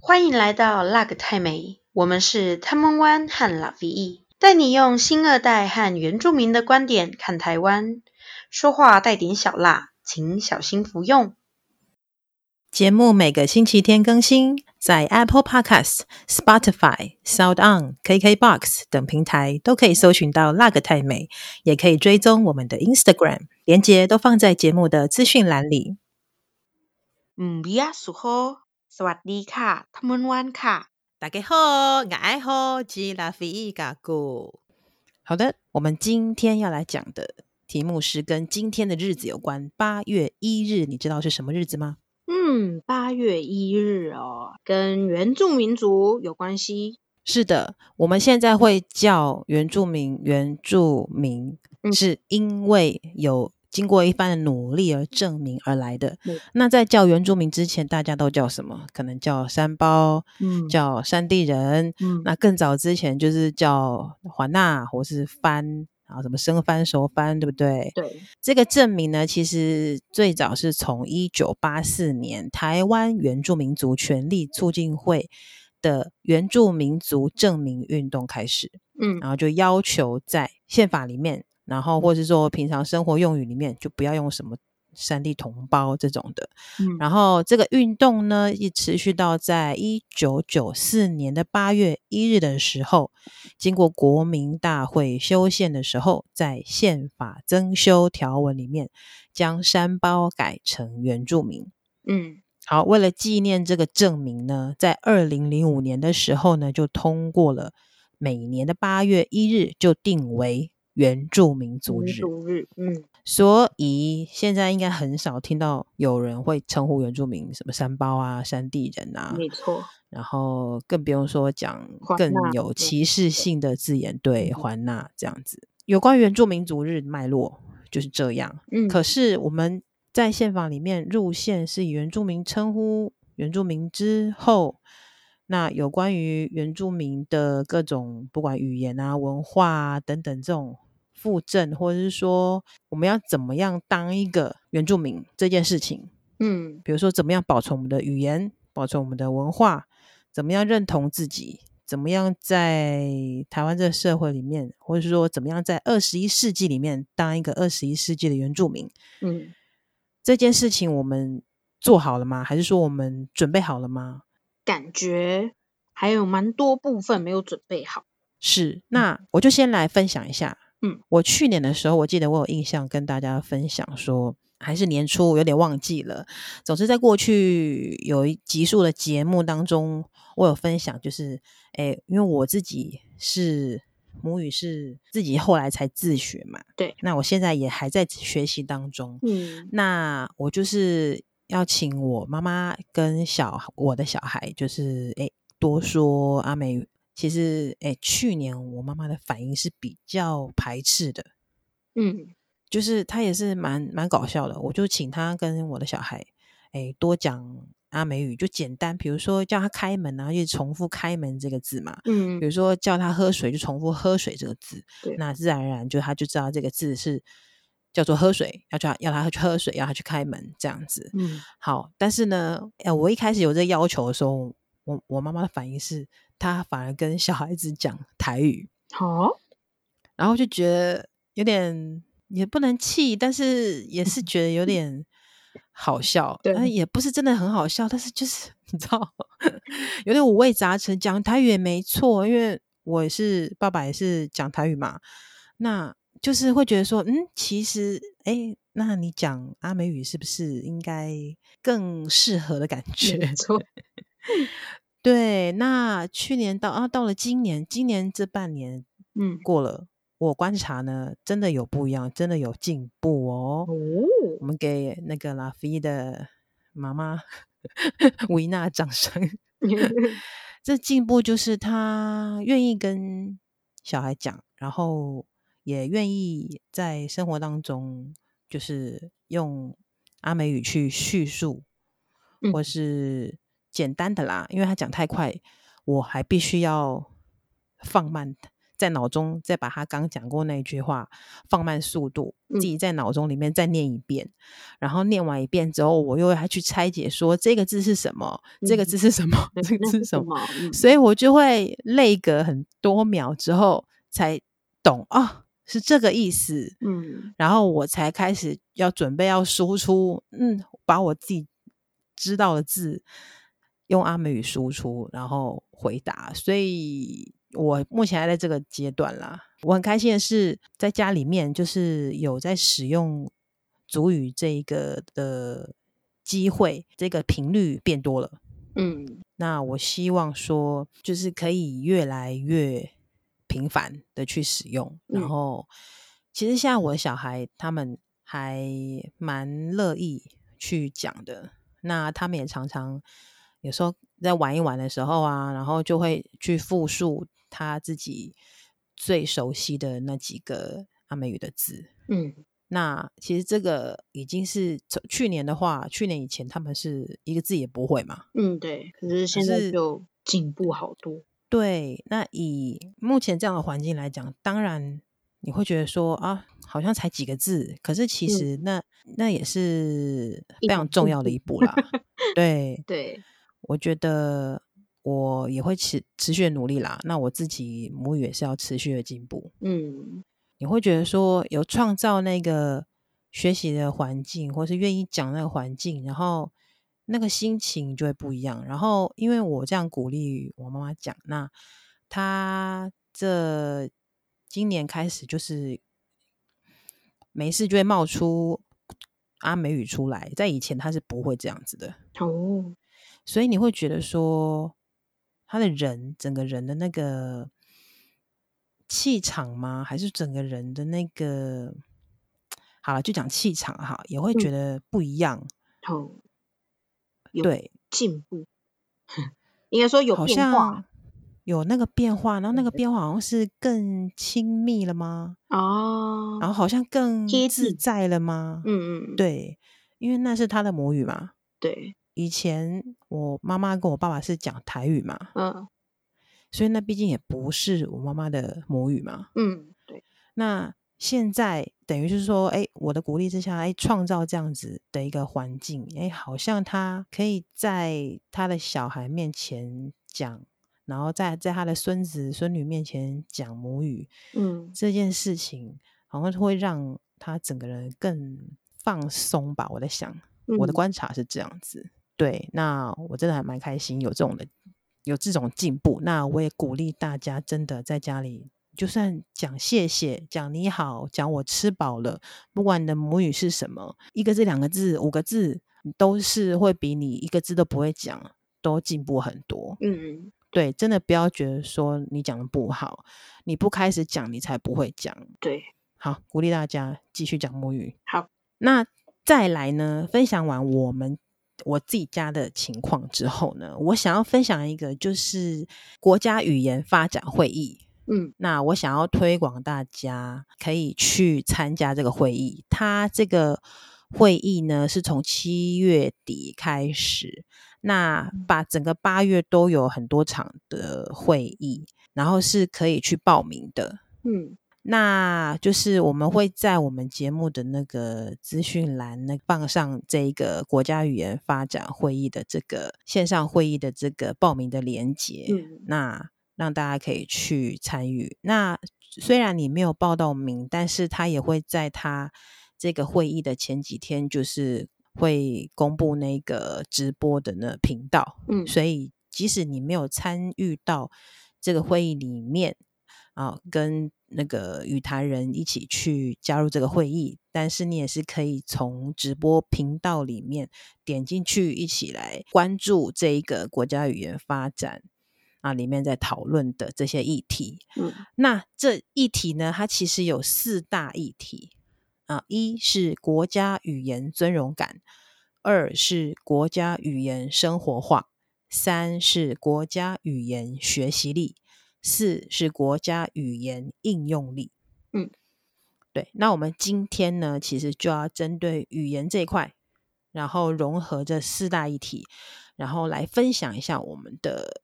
歡迎來到《辣個泰美》，我們是 Tamong Wan 和 Lafii。帶你用新二代和原住民的觀點看台灣，說話帶點小辣，請小心服用。節目每個星期天更新，在 Apple Podcasts、Spotify、Sound On、KK Box 等平台都可以搜尋到《辣個泰美》，也可以追蹤我們的 Instagram，連接都放在節目的資訊欄裡。嗯，別舒服。สวัสดีค่ะทมุนวันค่ะ大家好，我愛喝吉拉飛咖咕。好的，我們今天要來講的題目是跟今天的日子有關。八月一日，你知道是什麼日子嗎？嗯，八月一日哦，跟原住民族有關係。是的，我們現在會叫原住民，原住民，是因為有經過一番努力而正名而來的。嗯，那在叫原住民之前，大家都叫什麼？可能叫山胞，嗯、叫山地人、嗯，那更早之前就是叫華納，或是番，什麼生番、熟番，對不對？對。這個正名呢，其實最早是從一九八四年台灣原住民族權利促進會的原住民族正名運動開始，嗯、然後就要求在憲法裡面。然後，或者是說平常生活用語裡面，就不要用什麼“山地同胞”這種的。嗯。然後，這個運動呢，也持續到在一九九四年的八月一日的時候，經過國民大會修憲的時候，在憲法增修條文裡面，將“山胞”改成“原住民”。嗯，好，為了紀念這個正名呢，在二零零五年的時候呢，就通過了，每年的八月一日就定為。原住民族日，日嗯、所以現在應該很少聽到有人會稱呼原住民什麼山胞啊、山地人啊，沒錯。然後更不用說講更有歧視性的字眼對環、嗯、那」這樣子。有關於原住民族日脈絡就是這樣，嗯。可是我們在憲法裡面入憲是以原住民稱呼原住民之後，那有關於原住民的各種不管語言啊、文化、啊、等等這種。復振，或者是說我們要怎麼樣當一個原住民這件事情，嗯，比如說怎麼樣保存我們的語言，保存我們的文化，怎麼樣認同自己，怎麼樣在台灣這個社會裡面，或者是說怎麼樣在二十一世紀裡面當一個二十一世紀的原住民，嗯，這件事情我們做好了嗎？還是說我們準備好了嗎？感覺還有蠻多部分沒有準備好。是，那我就先來分享一下。嗯，我去年的時候，我記得我有印象跟大家分享說，還是年初，我有點忘記了。總是在過去有一集數的節目當中，我有分享，就是誒、欸、因為我自己是母語是自己後來才自學嘛，對，那我現在也還在學習當中。嗯，那我就是要請我媽媽跟小我的小孩，就是哎、欸，多說阿美。其實，哎，去年我媽媽的反應是比較排斥的，嗯，就是她也是蠻蠻搞笑的。我就請她跟我的小孩，哎，多講阿美語，就簡單，比如說叫她開門啊，然後就重複“開門”這個字嘛，嗯，比如說叫她喝水，就重複“喝水”這個字，對，那自然而然就她就知道這個字是叫做喝水，要叫要她去喝水，要她去開門這樣子，嗯，好。但是呢，哎，我一開始有這個要求的時候，我我媽媽的反應是，他反而跟小孩子講台語，好、啊，然後就覺得有點也不能氣，但是也是覺得有點好笑， 也不是真的很好笑，但是就是你知道，有點五味雜陳。講台語也沒錯，因為我也是爸爸也是講台語嘛，那就是會覺得說，嗯，其實，哎，那你講阿美語是不是應該更適合的感覺？沒錯。 對，那去年到啊，到了今年，今年這半年，嗯，過了，我觀察呢，真的有不一樣，真的有進步哦。哦，我們給那個拉菲的媽媽維娜的掌聲。 這進步就是她願意跟小孩講，然後也願意在生活當中就是用阿美語去敘述，或是。簡單的啦，因為他講太快，我還必須要放慢，在腦中再把他剛講過那一句話放慢速度，自己在腦中裡面再念一遍，嗯、然後念完一遍之後，我又還去拆解說這個、嗯、這個字是什麼，這個字是什麼，這個字是什麼，所以我就會累個很多秒之後才懂啊，是這個意思、嗯，然後我才開始要準備要輸出，嗯，把我自己知道的字。用阿美語輸出，然後回答。所以，我目前還在這個階段啦。我很開心的是，在家裡面就是有在使用族語這個的機會，這個頻率變多了。嗯，那我希望說，就是可以越來越頻繁的去使用。嗯、然後，其實像我的小孩他們還蠻樂意去講的。那他們也常常。有時候在玩一玩的時候啊，然後就會去複述他自己最熟悉的那幾個阿美語的字。嗯，那其實這個已經是去年的話，去年以前他們是一個字也不會嘛。嗯，對。可是現在就進步好多。對，那以目前這樣的環境來講，當然你會覺得說啊，好像才幾個字，可是其實那、嗯、那也是非常重要的一步啦。對、嗯、 對。對我覺得我也會持持續努力啦。那我自己母語也是要持續的進步。嗯，你會覺得說有創造那個學習的環境，或是願意講那個環境，然後那個心情就會不一樣。然後因為我這樣鼓勵我媽媽講，那她這今年開始就是沒事就會冒出阿美語出來。在以前她是不會這樣子的。哦。所以你會覺得說他的人整個人的那個氣場嗎？還是整個人的那個好了，就講氣場哈，也會覺得不一樣。哦、嗯，對，進步 你應該說有變化，有那個變化，然後那個變化好像是更親密了嗎？哦，然後好像更自在了嗎？嗯嗯，對，因為那是他的母語嘛，對。以前我媽媽跟我爸爸是講台語嘛，嗯、啊，所以那畢竟也不是我媽媽的母語嘛，嗯，對。那現在等於就是說，哎，我的鼓勵之下，哎，創造這樣子的一個環境，哎，好像他可以在他的小孩面前講，然後在在他的孫子孫女面前講母語，嗯，這件事情好像會讓他整個人更放鬆吧。我在想，嗯、我的觀察是這樣子。對，那我真的還蠻開心，有這種的，有這種進步。那我也鼓勵大家，真的在家裡，就算講謝謝、講你好、講我吃飽了，不管你的母語是什麼，一個字、兩個字、五個字，都是會比你一個字都不會講，都進步很多。嗯嗯，對，真的不要覺得說你講得不好，你不開始講，你才不會講。對，好，鼓勵大家繼續講母語。好，那再來呢？分享完我們。我自己家的情況之後呢，我想要分享一個，就是國家語言發展會議。嗯，那我想要推廣大家可以去參加這個會議。它這個會議呢，是從七月底開始，那把整個八月都有很多場的會議，然後是可以去報名的。嗯。那就是我們會在我們節目的那個資訊欄那放上這個國家語言發展會議的這個線上會議的這個報名的鏈接，嗯，那讓大家可以去參與。那雖然你沒有報到名，但是他也會在他這個會議的前幾天，就是會公布那個直播的那頻道，嗯，所以即使你沒有參與到這個會議裡面啊，跟那個與他人一起去加入這個會議，但是你也是可以從直播頻道裡面點進去，一起來關注這一個國家語言發展啊裡面在討論的這些議題。嗯。那這議題呢，它其實有四大議題啊：一是國家語言尊榮感，二是國家語言生活化，三是國家語言學習力。四是，是國家語言應用力，嗯，對。那我們今天呢，其實就要針對語言這一塊，然後融合這四大議題，然後來分享一下我們的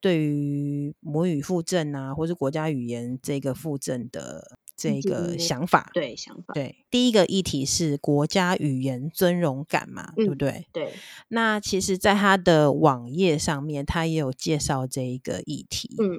對於母語復振啊，或是國家語言這個復振的。這個想法，嗯、對想法，對。第一個議題是國家語言尊榮感嘛、嗯，對不對？對。那其實，在他的網頁上面，他也有介紹這一個議題。嗯，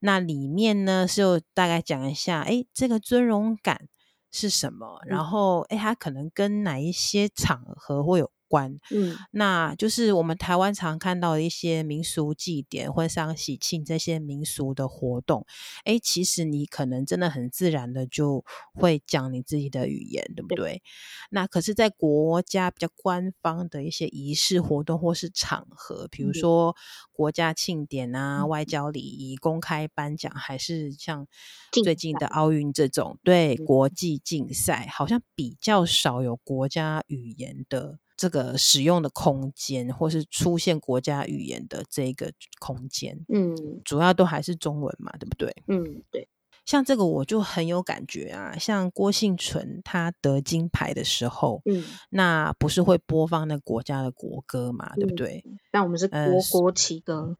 那裡面呢，就大概講一下，誒，這個尊榮感是什麼？然後，誒，他可能跟哪一些場合會有？關，嗯，那就是我們台灣常看到一些民俗祭典、婚喪喜慶這些民俗的活動。誒，其實你可能真的很自然的就會講你自己的語言，對不對？對。那可是，在國家比較官方的一些儀式活動或是場合，比如說國家慶典啊、嗯、外交禮儀、公開頒獎，還是像最近的奧運這種對國際競賽、嗯，好像比較少有國家語言的。這個使用的空間，或是出現國家語言的這個空間，嗯，主要都還是中文嘛，對不對？嗯，對。像這個我就很有感覺啊，像郭婞淳他得金牌的時候，嗯，那不是會播放那國家的國歌嘛，對不對？嗯、但我們是國國旗歌，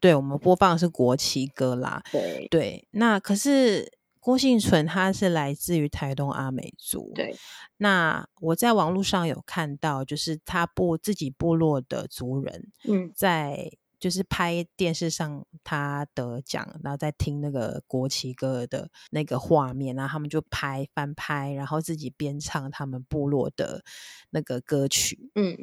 對我們播放的是國旗歌啦，對對。那可是。郭姓純，他是來自於台東阿美族。對，那我在網絡上有看到，就是他部自己部落的族人，嗯，在就是拍電視上他得獎，嗯，然後在聽那個國旗歌的那個畫面，然後他們就拍翻拍，然後自己編唱他們部落的那個歌曲，嗯，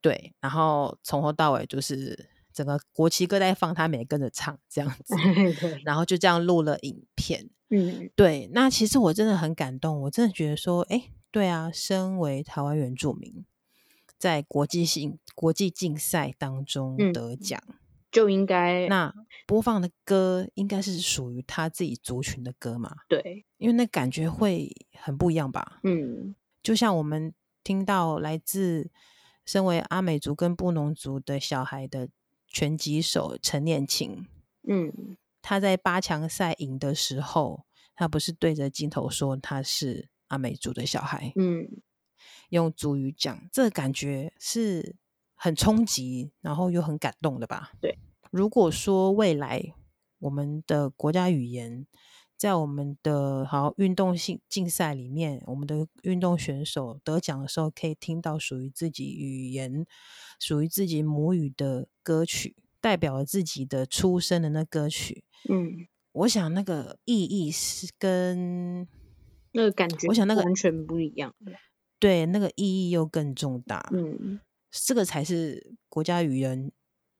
對，然後從頭到尾就是。整個國旗歌在放，他每跟着唱這樣子， 然後就這樣錄了影片。嗯，對。那其實我真的很感動，我真的覺得說，哎，對啊，身為台灣原住民，在國際性國際競賽當中得獎，嗯、就應該那播放的歌應該是屬於他自己族群的歌嘛？對，因為那感覺會很不一樣吧？嗯，就像我們聽到來自身為阿美族跟布農族的小孩的，拳擊手陳念琴，嗯，他在八強賽贏的時候，他不是對着鏡頭說他是阿美族的小孩，嗯，用族語講，這個感覺是很衝擊，然後又很感動的吧？對。如果說未來我們的國家語言，在我們的好運動性競賽裡面，我們的運動選手得獎的時候，可以聽到屬於自己語言、屬於自己母語的歌曲，代表了自己的出生的那歌曲。嗯，我想那個意義是跟那個感覺，我想那個完全不一樣。對，那個意義又更重大。嗯，這個才是國家語言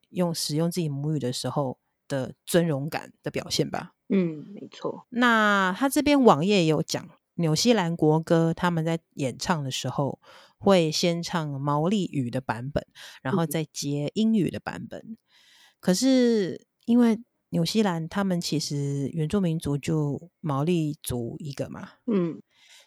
用使用自己母語的時候的尊榮感的表現吧。嗯，沒錯。那他這邊網頁也有講，紐西蘭國歌，他們在演唱的時候會先唱毛利語的版本，然後再接英語的版本。嗯。可是因為紐西蘭他們其實原住民族就毛利族一個嘛，嗯，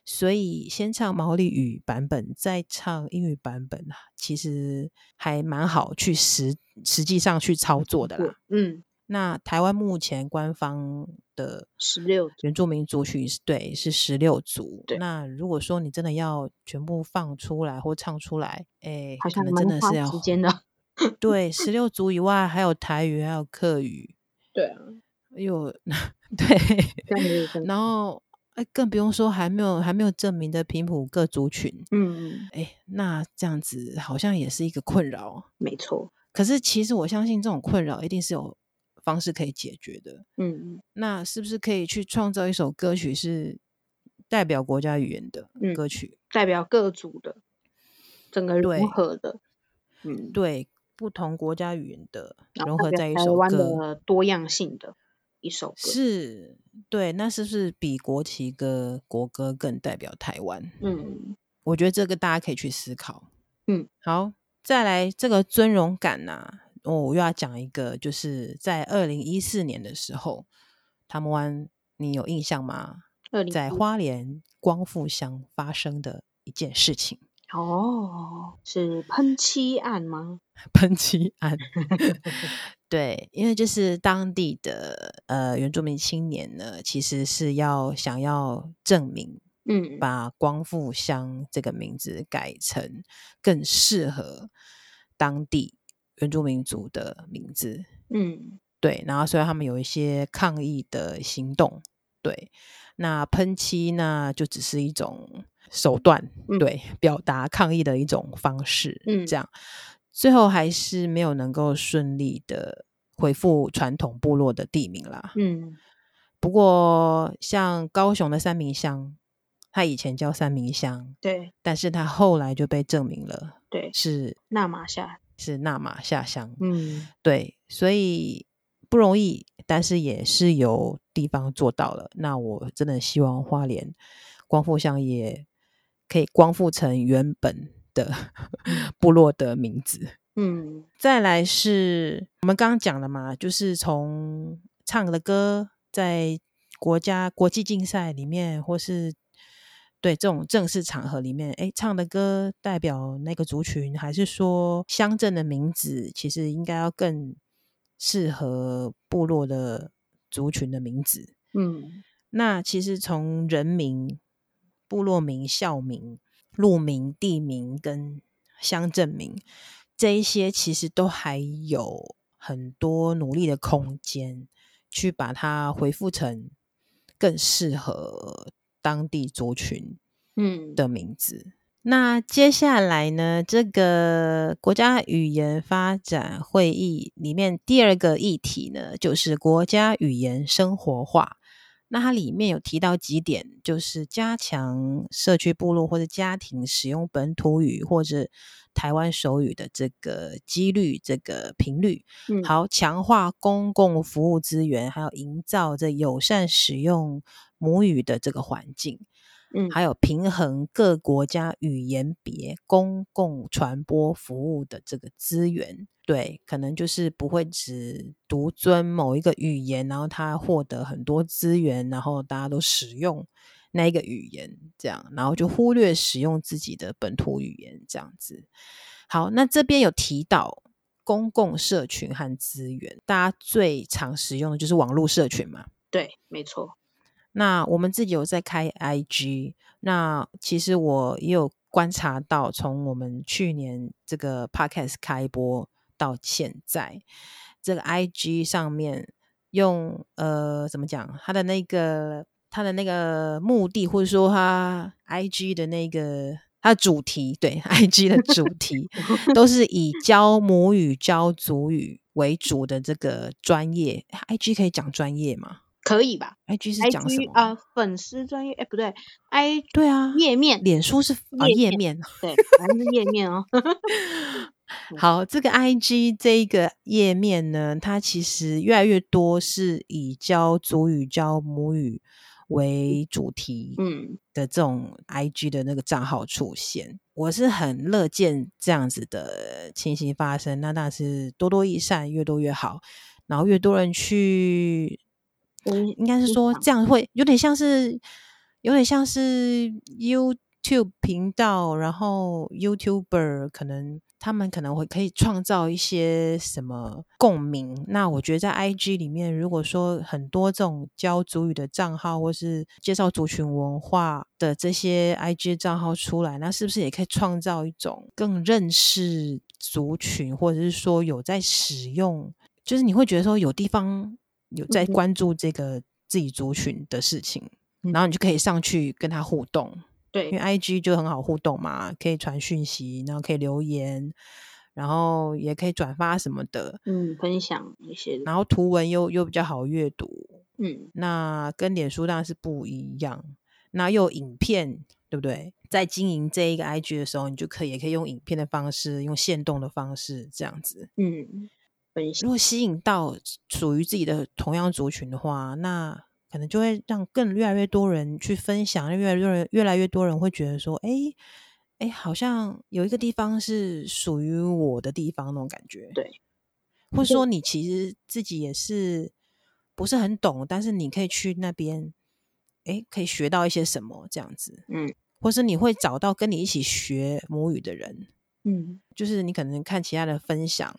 所以先唱毛利語版本，再唱英語版本啊，其實還蠻好去實實際上去操作的啦，嗯。那台灣目前官方的十六原住民族群是，對，是十六族。那如果說你真的要全部放出來或唱出來，哎，他可能真的是要時間的。 對，十六族以外還有台語，還有客語。對啊，有 對， 然後，哎，更不用說還沒有還沒有證明的平埔各族群。嗯嗯。哎，那這樣子好像也是一個困擾。沒錯。可是其實我相信這種困擾一定是有方式可以解決的，嗯嗯，那是不是可以去創造一首歌曲，是代表國家語言的歌曲，嗯、代表各族的整個融合的，嗯，對，不同國家語言的融合在一首歌，台灣的多樣性的，一首歌是對，那是不是比國旗歌、國歌更代表台灣？嗯，我覺得這個大家可以去思考，嗯，好，再來這個尊榮感呢、啊？哦，我又要講一個，就是在二零一四年的時候，塔們灣，你有印象嗎？在花蓮光復鄉發生的一件事情。哦、oh，是噴漆案嗎？噴漆案。 對，因為就是當地的呃原住民青年呢，其實是要想要正名，嗯，把光復鄉這個名字改成更適合當地。原住民族的名字，嗯，對，然後雖然他們有一些抗議的行動，對，那噴漆呢，就只是一種手段，嗯、對，表達抗議的一種方式，嗯，這樣，最後還是沒有能夠順利的恢復傳統部落的地名啦，嗯，不過像高雄的三民鄉，他以前叫三民鄉，對，但是他後來就被正名了，對，是那瑪夏。是那瑪夏鄉，嗯，對，所以不容易，但是也是有地方做到了。那我真的希望花蓮光復鄉也可以光復成原本的 部落的名字。嗯，再來是我們剛剛講的嘛，就是從唱的歌在國家國際競賽裡面或是。對，這種正式場合裡面誒，唱的歌代表那個族群，還是說鄉鎮的名字，其實應該要更適合部落的族群的名字。嗯，那其實從人名、部落名、校名、路名、地名跟鄉鎮名這一些，其實都還有很多努力的空間，去把它恢復成更適合。當地族群嗯的名字。嗯，那接下來呢，這個國家語言發展會議裡面第二個議題呢，就是國家語言生活化。那它裡面有提到幾點，就是加強社區部落或者家庭使用本土語或者台灣手語的這個幾率、這個頻率。好，強化公共服務資源，還有營造這友善使用母語的這個環境。嗯，還有平衡各國家語言別公共傳播服務的這個資源。對，可能就是不會只獨尊某一個語言，然後他獲得很多資源，然後大家都使用那一個語言，這樣，然後就忽略使用自己的本土語言這樣子。好，那這邊有提到公共社群和資源，大家最常使用的就是網絡社群嘛？對，沒錯。那我們自己有在開 IG，那其實我也有觀察到，從我們去年這個 podcast 開播。到現在，這個 IG 上面用呃，怎麼講？他的那個他的那個目的，或者說他 IG 的那個他的主題，對 IG 的主題， 都是以教母語、教族語為主的這個專業。IG 可以講專業嗎？可以吧？IG 是講什麼？啊，粉絲專業哎、欸，不對，I 對啊，頁面，臉書是啊，頁、呃、面，面，對，反正是頁面哦。 嗯、好，這個 I G 這一個頁面呢，它其實越來越多是以教族語、教母語為主題，嗯的這種 I G 的那個賬號出現。嗯、我是很樂見這樣子的情形發生，那當然是多多益善，越多越好。然後越多人去，嗯、應該是說這樣會有點像是，有點像是 YouTube 頻道，然後 YouTuber 可能。他們可能會可以創造一些什麼共鳴？那我覺得在 IG 裡面，如果說很多這種教族語的賬號，或是介紹族群文化的這些 IG 賬號出來，那是不是也可以創造一種更認識族群，或者是說有在使用，就是你會覺得說有地方有在關注這個自己族群的事情，嗯、然後你就可以上去跟他互動。對，因為 I G 就很好互動嘛，可以傳訊息，然後可以留言，然後也可以轉發什麼的，嗯，分享一些。然後圖文又又比較好閱讀，嗯，那跟臉書當然是不一樣。那又有影片，對不對？在經營這一個 I G 的時候，你就可以也可以用影片的方式，用限動的方式這樣子，嗯，分享，如果吸引到屬於自己的同樣族群的話，那，可能就會讓更越來越多人去分享，越來越越來越多人會覺得說，哎，哎，好像有一個地方是屬於我的地方那種感覺。對，或者說你其實自己也是不是很懂，但是你可以去那邊，哎，可以學到一些什麼這樣子。嗯，或是你會找到跟你一起學母語的人。嗯，就是你可能看其他的分享，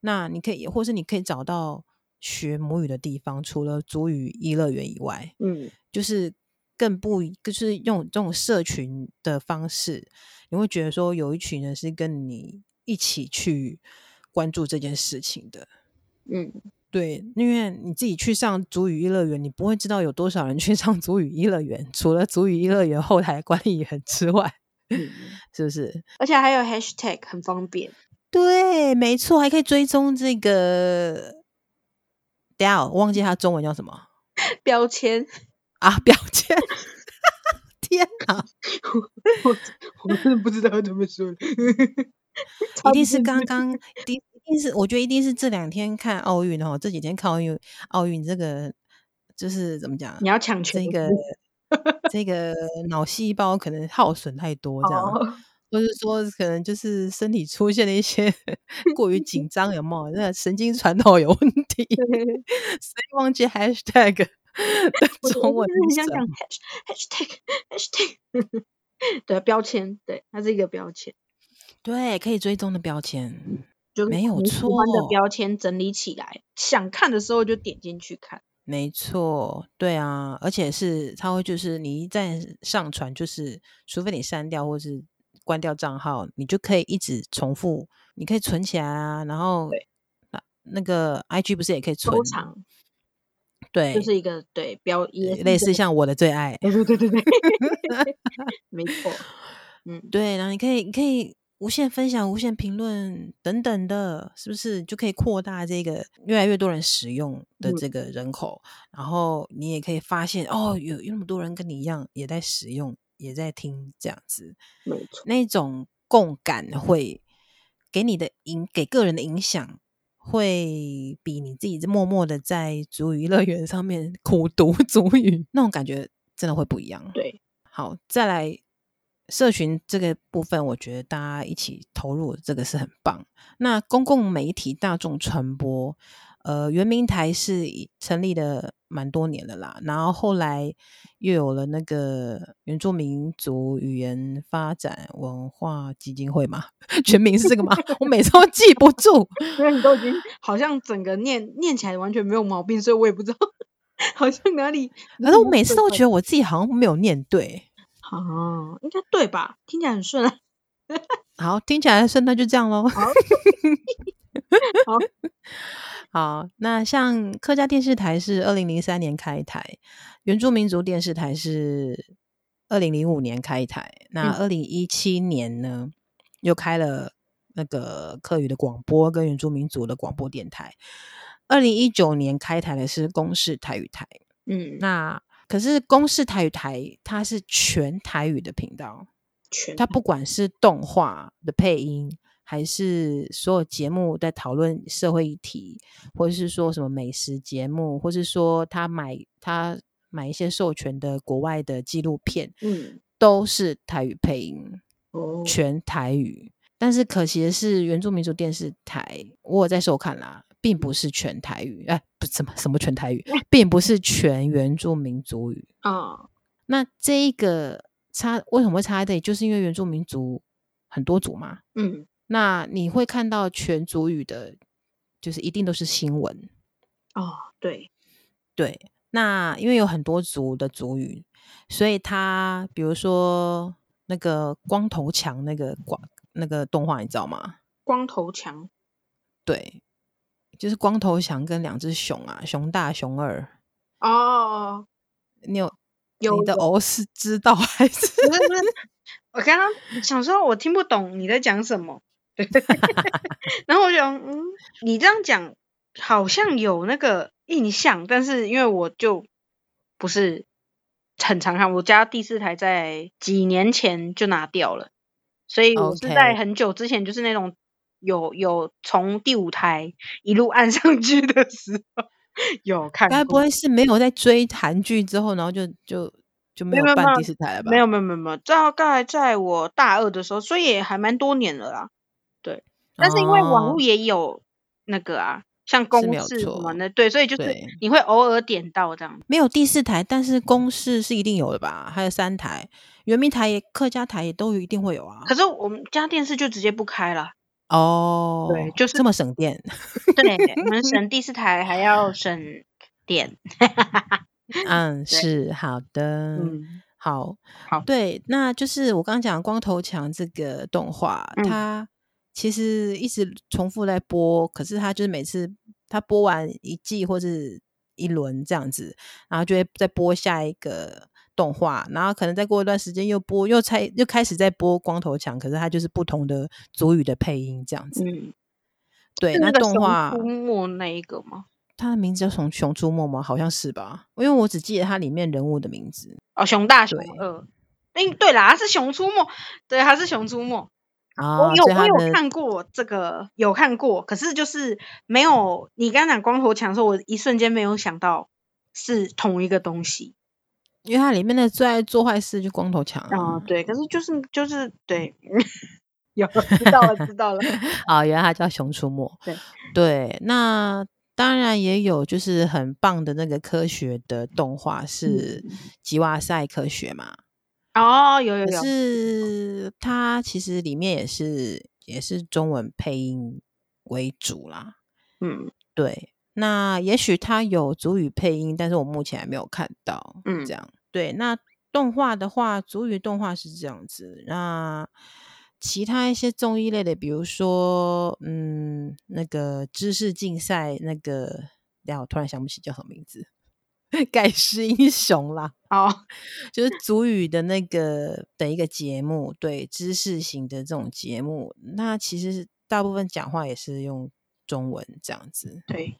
那你可以，或是你可以找到。學母語的地方，除了族語 E 樂園以外，嗯，就是更不就是用這種社群的方式，你會覺得說有一群人是跟你一起去關注這件事情的，嗯，對，因為你自己去上族語 E 樂園，你不會知道有多少人去上族語 E 樂園，除了族語 E 樂園後台管理員之外，嗯，是不是？而且還有 hashtag 很方便，對，沒錯，還可以追蹤這個。等下哦，我忘記他中文叫什麼？標籤啊，標籤！ 天啊， 我我真的不知道怎麼說的 一剛剛，一定是剛剛，一定是我覺得一定是這兩天看奧運哦，這幾天看奧運，奧運這個就是怎麼講？你要搶這個這個腦細胞可能耗損太多這樣。哦或是說，可能就是身體出現了一些呵呵過於緊張， 有沒有？那神經傳導有問題。所以忘記 #hashtag 的中文，你想講 #hashtag、#hashtag？ 對，標籤，對，它是一個標籤，對，可以追蹤的標籤，就沒有錯。的標籤整理起來，嗯，想看的時候就點進去看。沒錯，對啊，而且是它會就是你一旦上傳，就是除非你刪掉，或是。關掉賬號，你就可以一直重複，你可以存起來啊。然後，啊、那個 IG 不是也可以存？收藏。對，就是一個對標一，類似像我的最愛。對對對對，對， 沒錯。嗯，對。然後你可以，你可以無限分享、無限評論等等的，是不是就可以擴大這個越來越多人使用的這個人口？嗯、然後你也可以發現哦有，有那麼多人跟你一樣也在使用。也在聽這樣子，沒錯，那種共感會給你的影，給個人的影響，會比你自己默默的在族語樂園上面苦讀族語 那種感覺，真的會不一樣。對，好，再來社群這個部分，我覺得大家一起投入，這個是很棒。那公共媒體、大眾傳播。呃，原民台是成立的蠻多年的啦，然後後來又有了那個原住民族語言發展文化基金會嘛，全名是這個嗎？ 我每次都記不住， 因為你都已經好像整個念念起來完全沒有毛病，所以我也不知道 好像哪裡。反正我每次都覺得我自己好像沒有念對啊、哦，應該對吧？聽起來很順、啊，好，聽起來順，那就這樣嘍。 好好，那像客家電視台是二零零三年開台，原住民族電視台是二零零五年開台。那二零一七年呢，嗯，又開了那個客語的廣播跟原住民族的廣播電台。二零一九年開台的是公視台語台，嗯，那可是公視台語台，它是全台語的頻道，全它不管是動畫的配音。還是所有節目在討論社會議題，或者是說什麼美食節目，或是說他買他買一些授權的國外的紀錄片，嗯，都是台語配音、哦、全台語。但是可惜的是，原住民族電視台我有在收看啦，並不是全台語，哎、欸，不怎麼什麼全台語，並不是全原住民族語啊、哦。那這一個差為什麼會差一點，就是因為原住民族很多族嘛，嗯。那你會看到全族語的，就是一定都是新聞哦。對對，那因為有很多族的族語，所以他比如說那個光頭強那個光那個動畫，你知道嗎？光頭強，對，就是光頭強跟兩隻熊啊，熊大熊二。哦，哦，哦，你有，有你的哦，是知道還是，有有 是，是？我剛剛想說，我聽不懂你在講什麼。 然後我就想，嗯，你這樣講好像有那個印象，但是因為我就不是很常看，我家第四台在幾年前就拿掉了，所以我是在很久之前，就是那種有、okay. 有從第五台一路按上去的時候有看。該不會是沒有在追韓劇之後，然後就就就沒有辦沒沒沒第四台了吧？沒有沒有沒有沒，大概在我大二的時候，所以也還蠻多年了啦。但是因為網絡也有那個啊，哦、像公視什麼的，對，所以就是你會偶爾點到這樣。沒有第四台，但是公視是一定有的吧？還有三台，原民台也、客家台也都一定會有啊。可是我們家電視就直接不開了哦。對，就是這麼省電。對，我們省第四台還要省電。 嗯，是好的。嗯，好好對，那就是我剛剛講光頭強這個動畫、嗯，它。其實一直重複在播，可是他就是每次他播完一季或者一輪這樣子，然後就會再播下一個動畫，然後可能再過一段時間又播又才又開始在播光頭強，可是他就是不同的族語的配音這樣子。嗯、對，那動畫《熊出沒》那一個嗎？他的名字叫《熊熊出沒》嗎？好像是吧，因為我只記得他裡面人物的名字。哦，熊大熊、熊二。哎、欸，對啦，他是《熊出沒》，對，他是《熊出沒》。啊、我有，我有看過這個，有看過，可是就是沒有。你剛講光頭強的時候，我一瞬間沒有想到是同一個東西，因為它裡面的最愛做壞事就光頭強啊，啊。對，可是就是就是對， 有，知道了 知道了。啊、哦，原來它叫《熊出沒》對。對對，那當然也有就是很棒的那個科學的動畫是《吉娃賽科學》嘛。嗯哦，有有有，是它其實裡面也是也是中文配音為主啦。嗯，對。那也許它有族語配音，但是我目前還沒有看到。嗯，這樣對。那動畫的話，族語動畫是這樣子。那其他一些綜藝類的，比如說，嗯，那個知識競賽，那個叫……等下我突然想不起叫什麼名字。蓋 世英雄啦！哦、oh.，就是族語的那個的一個節目，對，知識型的這種節目，那其實大部分講話也是用中文這樣子。對，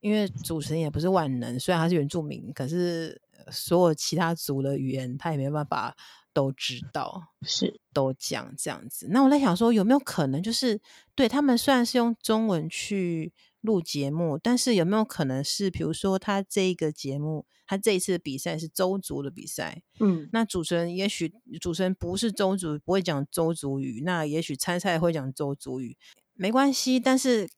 因為主持人也不是萬能，雖然他是原住民，可是所有其他族的語言他也沒辦法都知道，是都講這樣子。那我在想說，有沒有可能就是對他們雖然是用中文去。錄節目，但是有沒有可能是，比如說他這一個節目，他這一次的比賽是鄒族的比賽，嗯，那主持人也許主持人不是鄒族，不會講鄒族語，那也許參賽會講鄒族語，沒關係，但是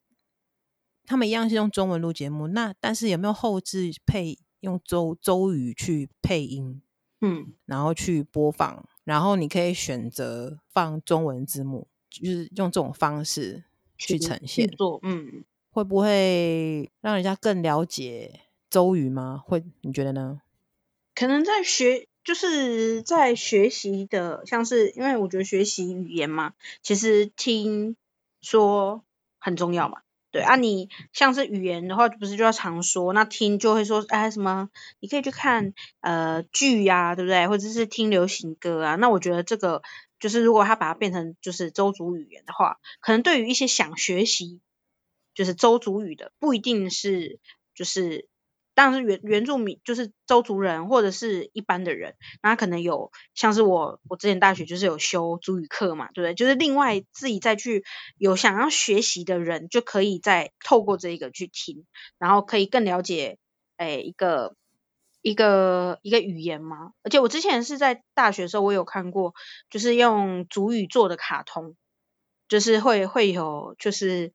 他們一樣是用中文錄節目，那但是有沒有後製配用鄒鄒語去配音，嗯，然後去播放，然後你可以選擇放中文字幕，就是用這種方式去呈現，嗯。會不會讓人家更了解族語嗎？會。你覺得呢？可能在學，就是在學習的，像是因為我覺得學習語言嘛，其實聽說很重要嘛。對啊你，你像是語言的話，不是就要常說？那聽就會說哎什麼？你可以去看呃劇呀、啊，對不對？或者是聽流行歌啊？那我覺得這個就是，如果他把它變成就是周族語言的話，可能對於一些想學習。就是周族語的，不一定是就是，當然是原原住民，就是周族人或者是一般的人，那可能有像是我我之前大學就是有修族語課嘛，對不對？就是另外自己再去有想要學習的人，就可以再透過這一個去聽，然後可以更了解誒、哎、一個一個一個語言嘛。而且我之前是在大學的時候，我有看過就是用族語做的卡通，就是會會有就是。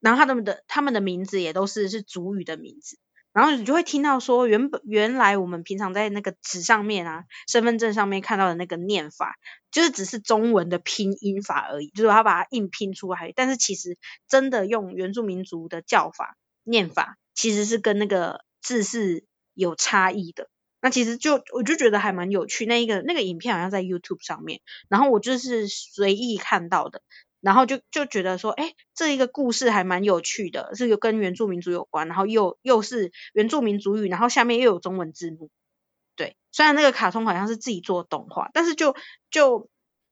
然後他們的他們的名字也都是是族語的名字，然後你就會聽到說原，原本原來我們平常在那個紙上面啊，身份證上面看到的那個念法，就是只是中文的拼音法而已，就是要把它硬拼出來。但是其實真的用原住民族的叫法念法，其實是跟那個字是有差異的。那其實就我就覺得還蠻有趣。那一個那個影片好像在 YouTube 上面，然後我就是隨意看到的。然後就就覺得說，哎、欸，這一個故事還蠻有趣的，是跟原住民族有關，然後又又是原住民族語，然後下面又有中文字幕，對。雖然那個卡通好像是自己做動畫，但是就就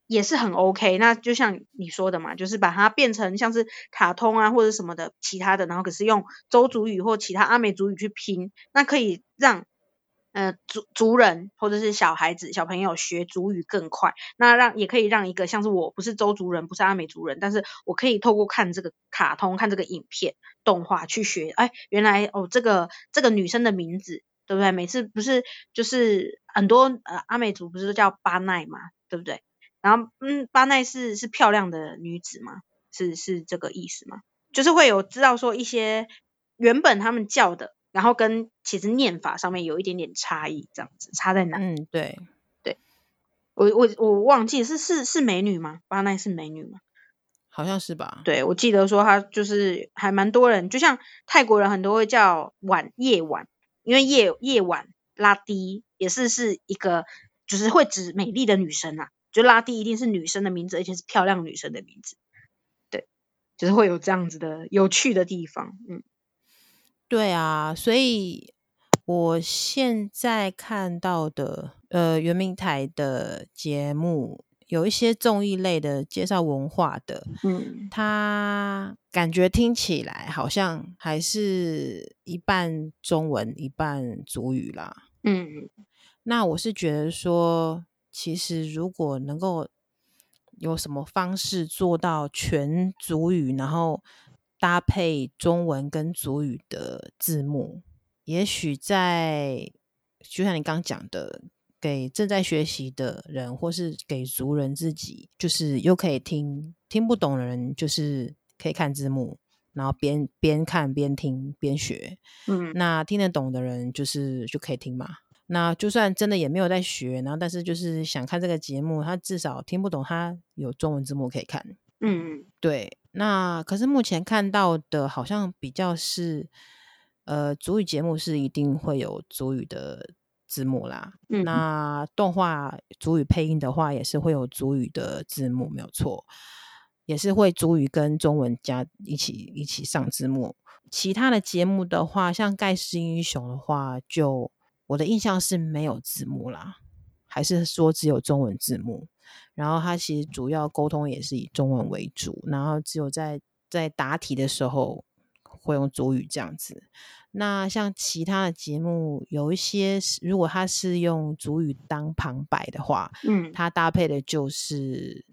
也是很 OK。那就像你說的嘛，就是把它變成像是卡通啊或者什麼的其他的，然後可是用鄒族語或其他阿美族語去拼，那可以讓。呃，族族人或者是小孩子、小朋友學族語更快。那讓也可以讓一個像是我，不是周族人，不是阿美族人，但是我可以透過看這個卡通、看這個影片、動畫去學。哎，原來哦，這個這個女生的名字，對不對？每次不是就是很多呃阿美族不是都叫巴奈嘛，對不對？然後嗯，巴奈是是漂亮的女子嘛，是是這個意思嘛？就是會有知道說一些原本他們叫的。然後跟其實念法上面有一點點差異，這樣子差在哪？嗯，對，對我我我忘記是是是美女嗎？巴奈是美女嗎？好像是吧。對，我記得說她就是還蠻多人，就像泰國人很多會叫晚夜晚，因為夜夜晚拉低也是是一個，就是會指美麗的女生啊，就拉低一定是女生的名字，而且是漂亮女生的名字。對，就是會有這樣子的有趣的地方，嗯。對啊，所以我現在看到的呃，原民台的節目有一些綜藝類的，介紹文化的，嗯，它感覺聽起來好像還是一半中文一半族語啦，嗯，那我是覺得說，其實如果能夠有什麼方式做到全族語，然後。搭配中文跟族語的字幕，也許在就像你剛講的，給正在學習的人，或是給族人自己，就是又可以聽聽不懂的人，就是可以看字幕，然後邊邊看邊聽邊學。嗯，那聽得懂的人就是就可以聽嘛。那就算真的也沒有在學，然後但是就是想看這個節目，他至少聽不懂，他有中文字幕可以看。嗯嗯，對。那可是目前看到的，好像比較是，呃，族語節目是一定會有族語的字幕啦。嗯、那動畫族語配音的話，也是會有族語的字幕，沒有錯，也是會族語跟中文加一起一起上字幕。其他的節目的話，像《蓋世英雄》的話，就我的印象是沒有字幕啦，還是說只有中文字幕？然後他其實主要溝通也是以中文為主，然後只有在在答題的時候會用族語這樣子。那像其他的節目，有一些如果他是用族語當旁白的話，嗯，他搭配的就是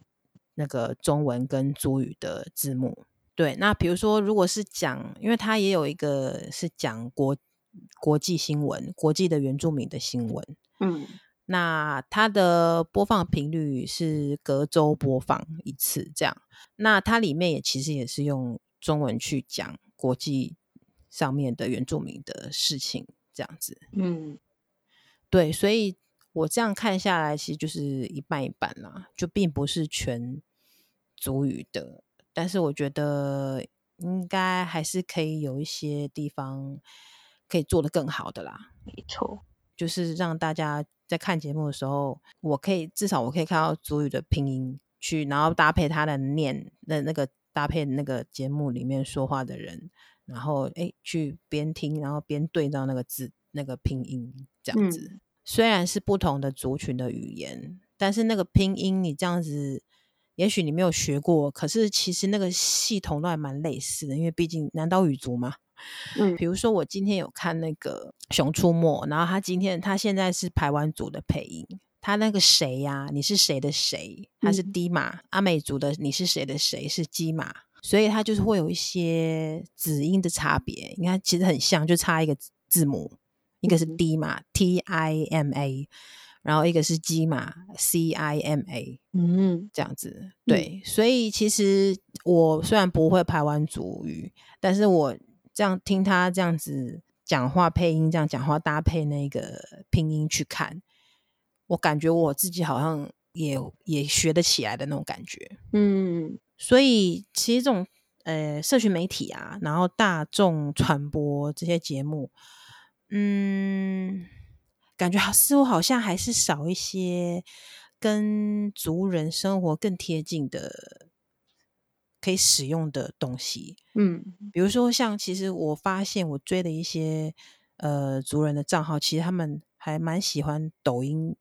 那個中文跟族語的字幕。對，那比如說如果是講，因為他也有一個是講國國際新聞，國際的原住民的新聞，嗯。那它的播放頻率是隔周播放一次，這樣。那它裡面也其實也是用中文去講國際上面的原住民的事情，這樣子。嗯，對，所以我這樣看下來，其實就是一半一半啦，就並不是全族語的。但是我覺得應該還是可以有一些地方可以做得更好的啦。沒錯。就是讓大家在看節目的時候，我可以至少我可以看到族語的拼音去，然後搭配他的念那，那個搭配那個節目裡面說話的人，然後哎去邊聽，然後邊對照那個字那個拼音這樣子。嗯。雖然是不同的族群的語言，但是那個拼音你這樣子。也許你沒有學過，可是其實那個系統都還蠻類似的，因為畢竟南島語族嘛。嗯，比如說我今天有看那個《熊出沒》，然後他今天他現在是排灣族的配音，他那個誰呀？啊？你是誰的誰？他是低馬，嗯、阿美族的，你是誰的誰？是基馬」，所以他就是會有一些子音的差別。你看，其實很像，就差一個字母，一個是低馬，嗯、T I M A。然後一個是機馬 CIMA，嗯，這樣子、嗯，對，所以其實我雖然不會排灣族語，但是我這樣聽他這樣子講話配音，這樣講話搭配那個拼音去看，我感覺我自己好像也也學得起來的那種感覺，嗯，所以其實這種呃，社群媒體啊，然後大眾傳播這些節目，嗯。感覺似乎好像還是少一些跟族人生活更貼近的可以使用的東西。嗯，比如說像，其實我發現我追的一些呃族人的賬號，其實他們還蠻喜歡抖音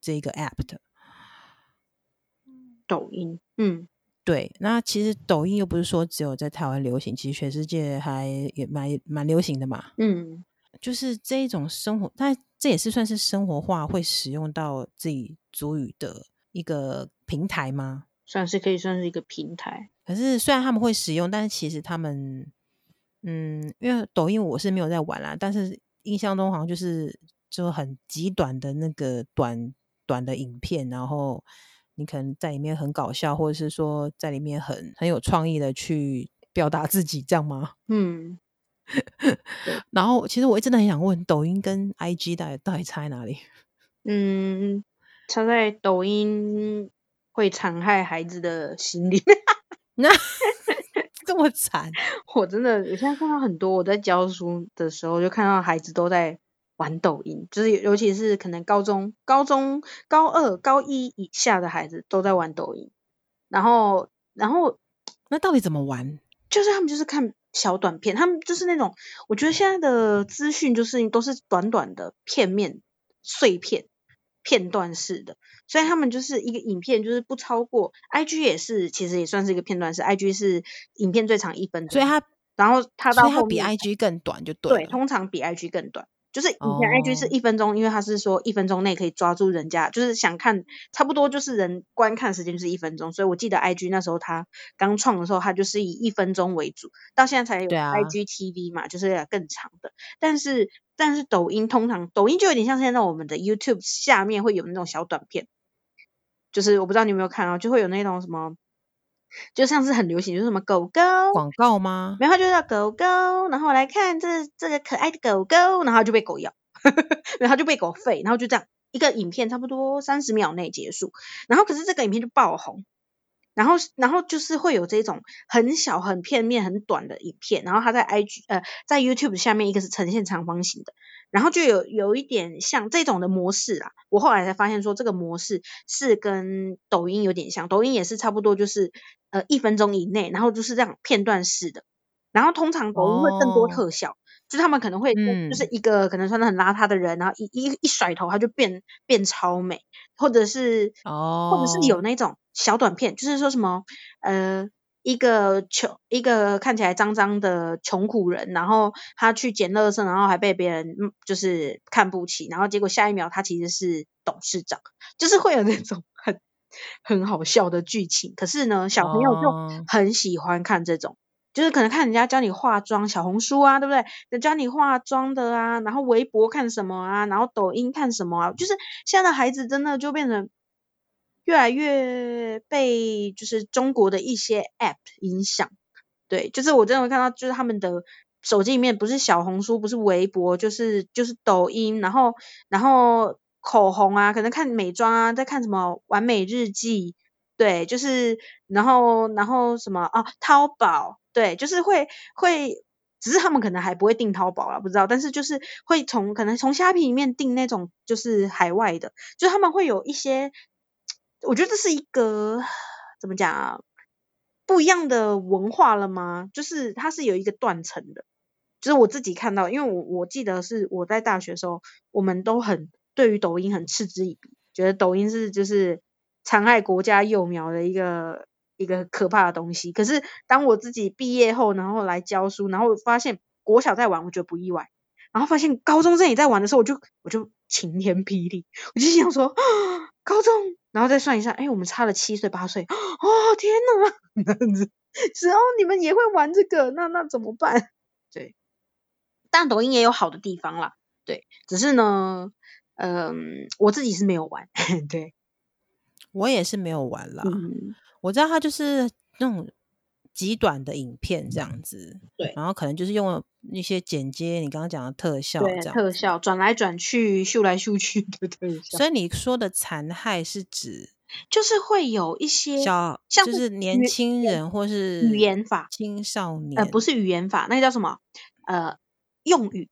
這個 app 的。抖音，嗯，對。那其實抖音又不是說只有在台灣流行，其實全世界還也蠻蠻流行的嘛。嗯。就是這一種生活，但這也是算是生活化會使用到自己族語的一個平台嗎？算是，可以算是一個平台。可是雖然他們會使用，但是其實他們，嗯，因為抖音我是沒有在玩啦、啊，但是印象中好像就是就很極短的那個短短的影片，然後你可能在裡面很搞笑，或者是說在裡面很很有創意的去表達自己，這樣嗎？嗯。 然後，其實我一直真的很想問，抖音跟 IG 到底到底差在哪裡？嗯，差在抖音會殘害孩子的心理。那 這麼慘，我真的，我現在看到很多，我在教書的時候就看到孩子都在玩抖音，就是尤其是可能高中、高中、高二、高一以下的孩子都在玩抖音。然後，然後那到底怎麼玩？就是他們就是看。小短片，他們就是那種，我覺得現在的資訊就是都是短短的、片面、碎片、片段式的，所以他們就是一個影片，就是不超過，IG 也是，其實也算是一個片段式，IG 是影片最長一分鐘，所以它然後它到後面比 IG 更短就對了，對，通常比 IG 更短。就是以前 IG 是一分鐘，oh. 因為他是說一分鐘內可以抓住人家，就是想看差不多就是人觀看時間就是一分鐘，所以我記得 IG 那時候他剛創的時候，他就是以一分鐘為主，到現在才有 IGTV 嘛，啊，就是更長的。但是但是抖音通常抖音就有點像現在我們的 YouTube 下面會有那種小短片，就是我不知道你有沒有看到，哦，就會有那種什麼。就上次很流行，就是什麼狗狗廣告嗎？然後就叫狗狗，然後來看這這個可愛的狗狗，然後就被狗咬，呵呵，然後就被狗吠，然後就這樣一個影片差不多三十秒內結束。然後可是這個影片就爆紅，然後然後就是會有這種很小、很片面、很短的影片。然後他在 IG 呃，在 YouTube 下面一個是呈現長方形的。然後就有有一點像這種的模式啊，我後來才發現說這個模式是跟抖音有點像，抖音也是差不多，就是呃一分鐘以內，然後就是這樣片段式的。然後通常抖音會更多特效，哦、就他們可能會就是、嗯就是、一個可能穿的很邋遢的人，然後一一一甩頭他就變變超美，或者是哦，或者是有那種小短片，哦、就是說什麼呃。一個窮，一個看起來髒髒的窮苦人，然後他去撿垃圾，然後還被別人就是看不起，然後結果下一秒他其實是董事長，就是會有那種很很好笑的劇情。可是呢，小朋友就很喜歡看這種，哦、就是可能看人家教你化妝，小紅書啊，對不對？教教你化妝的啊，然後微博看什麼啊，然後抖音看什麼啊，就是現在的孩子真的就變成。越來越被就是中國的一些 App 影響，對，就是我真的看到，就是他們的手機裡面不是小紅書，不是微博，就是就是抖音，然後然後口紅啊，可能看美妝啊，在看什麼完美日記，對，就是然後然後什麼啊，淘寶，對，就是會會，只是他們可能還不會訂淘寶了啊，不知道，但是就是會從可能從蝦皮裡面訂那種就是海外的，就是他們會有一些。我覺得這是一個怎麼講啊？不一樣的文化了嗎？就是它是有一個斷層的，就是我自己看到，因為我我記得是我在大學時候，我們都很對於抖音很嗤之以鼻，覺得抖音是就是殘害國家幼苗的一個一個可怕的東西。可是當我自己畢業後，然後來教書，然後發現國小在玩，我覺得不意外；然後發現高中生也在玩的時候，我就我就晴天霹靂，我就想說。高中，然後再算一下，哎、欸，我們差了七歲八歲，哦，天吶！然 後你們也會玩這個，那那怎麼辦？對，但抖音也有好的地方啦。對，只是呢，嗯、呃，我自己是沒有玩，對我也是沒有玩啦、嗯。我知道他就是那種。極短的影片這樣子，嗯，對，然後可能就是用一些剪接，你剛剛講的特效，對，特效轉來轉去，秀來秀去的特效，所以你說的殘害是指，就是會有一些小，像就是年輕人或是青少年，語言語言法，呃，不是語言法，那個叫什麼？呃，用語，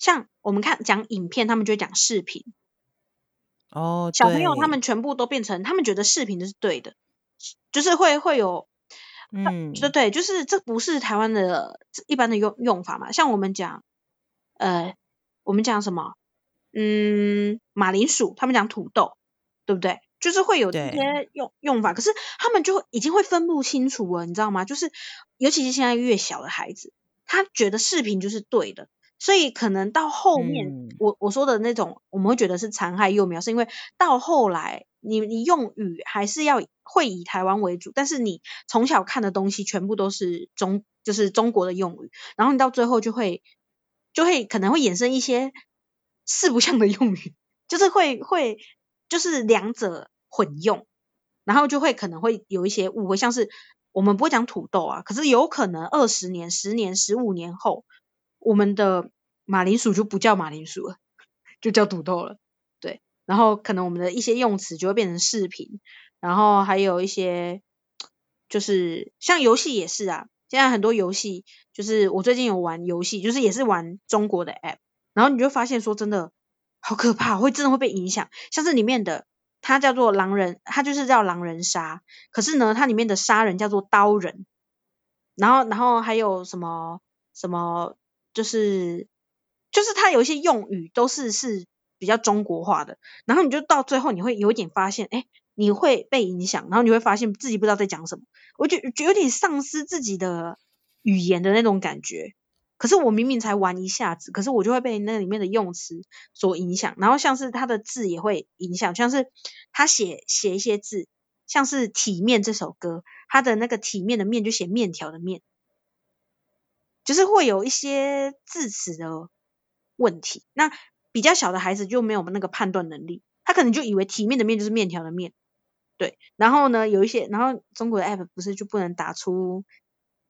像我們看講影片，他們就會講視頻，哦，小朋友他們全部都變成，他們覺得視頻就是對的，就是會會有。嗯，對對，就是這不是台灣的一般的用用法嘛，像我們講，呃，我們講什麼？嗯，馬鈴薯，他們講土豆，對不對？就是會有一些用用法，可是他們就已經會分不清楚了，你知道嗎？就是尤其是現在越小的孩子，他覺得視頻就是對的，所以可能到後面，嗯，我我說的那種，我們會覺得是殘害幼苗，是因為到後來。你你用語還是要會以台灣為主，但是你從小看的東西全部都是中，就是中國的用語，然後你到最後就會就會可能會衍生一些四不像的用語，就是會會就是兩者混用，然後就會可能會有一些誤會，像是我們不會講土豆啊，可是有可能二十年、十年、十五年後，我們的馬鈴薯就不叫馬鈴薯了，就叫土豆了。然後可能我們的一些用詞就會變成視頻，然後還有一些就是像遊戲也是啊，現在很多遊戲就是我最近有玩遊戲，就是也是玩中國的 app，然後你就發現說真的好可怕，會真的會被影響。像這裡面的它叫做狼人，它就是叫狼人殺，可是呢它裡面的殺人叫做刀人，然後然後還有什麼什麼就是就是它有一些用語都是是。比較中國化的。然後你就到最後你會有點發現，誒、欸、你會被影響，然後你會發現自己不知道在講什麼，我就有點喪失自己的語言的那種感覺。可是我明明才玩一下子，可是我就會被那裡面的用詞所影響，然後像是他的字也會影響，像是他寫寫一些字，像是體面這首歌，他的那個體面的面就寫麵條的麵，就是會有一些字詞的問題。那。比較小的孩子就沒有那個判斷能力，他可能就以為“體面的面”就是麵條的面，對。然後呢，有一些，然後中國的 app 不是就不能打出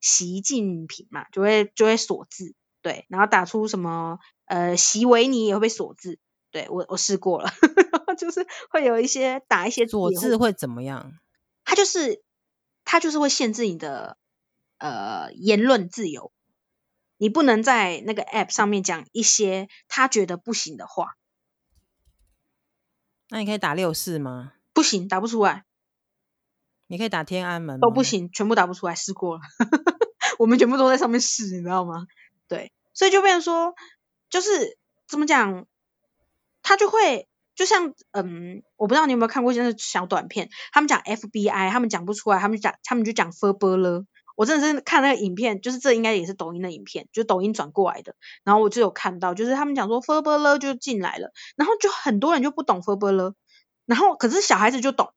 習近平嘛，就會就會鎖字，對。然後打出什麼呃習維尼也會被鎖字，對我我試過了，然後 就是會有一些打一些字，鎖字會怎麼樣？它就是它就是會限制你的呃言論自由。你不能在那個 app 上面講一些他覺得不行的話。那你可以打六四嗎？不行，打不出來。你可以打天安門。哦，不行，全部打不出來，試過了。 我們全部都在上面試，你知道嗎？對，所以就變成說，就是怎麼講，他就會就像嗯，我不知道你有沒有看過一些小短片，他們講 FBI，他們講不出來，他們講他們就講 FBI。我真的是看那個影片，就是這應該也是抖音的影片，就抖音轉過來的。然後我就有看到，就是他們講說“啵啵了”就進來了，然後就很多人就不懂“啵啵了”，然後可是小孩子就懂，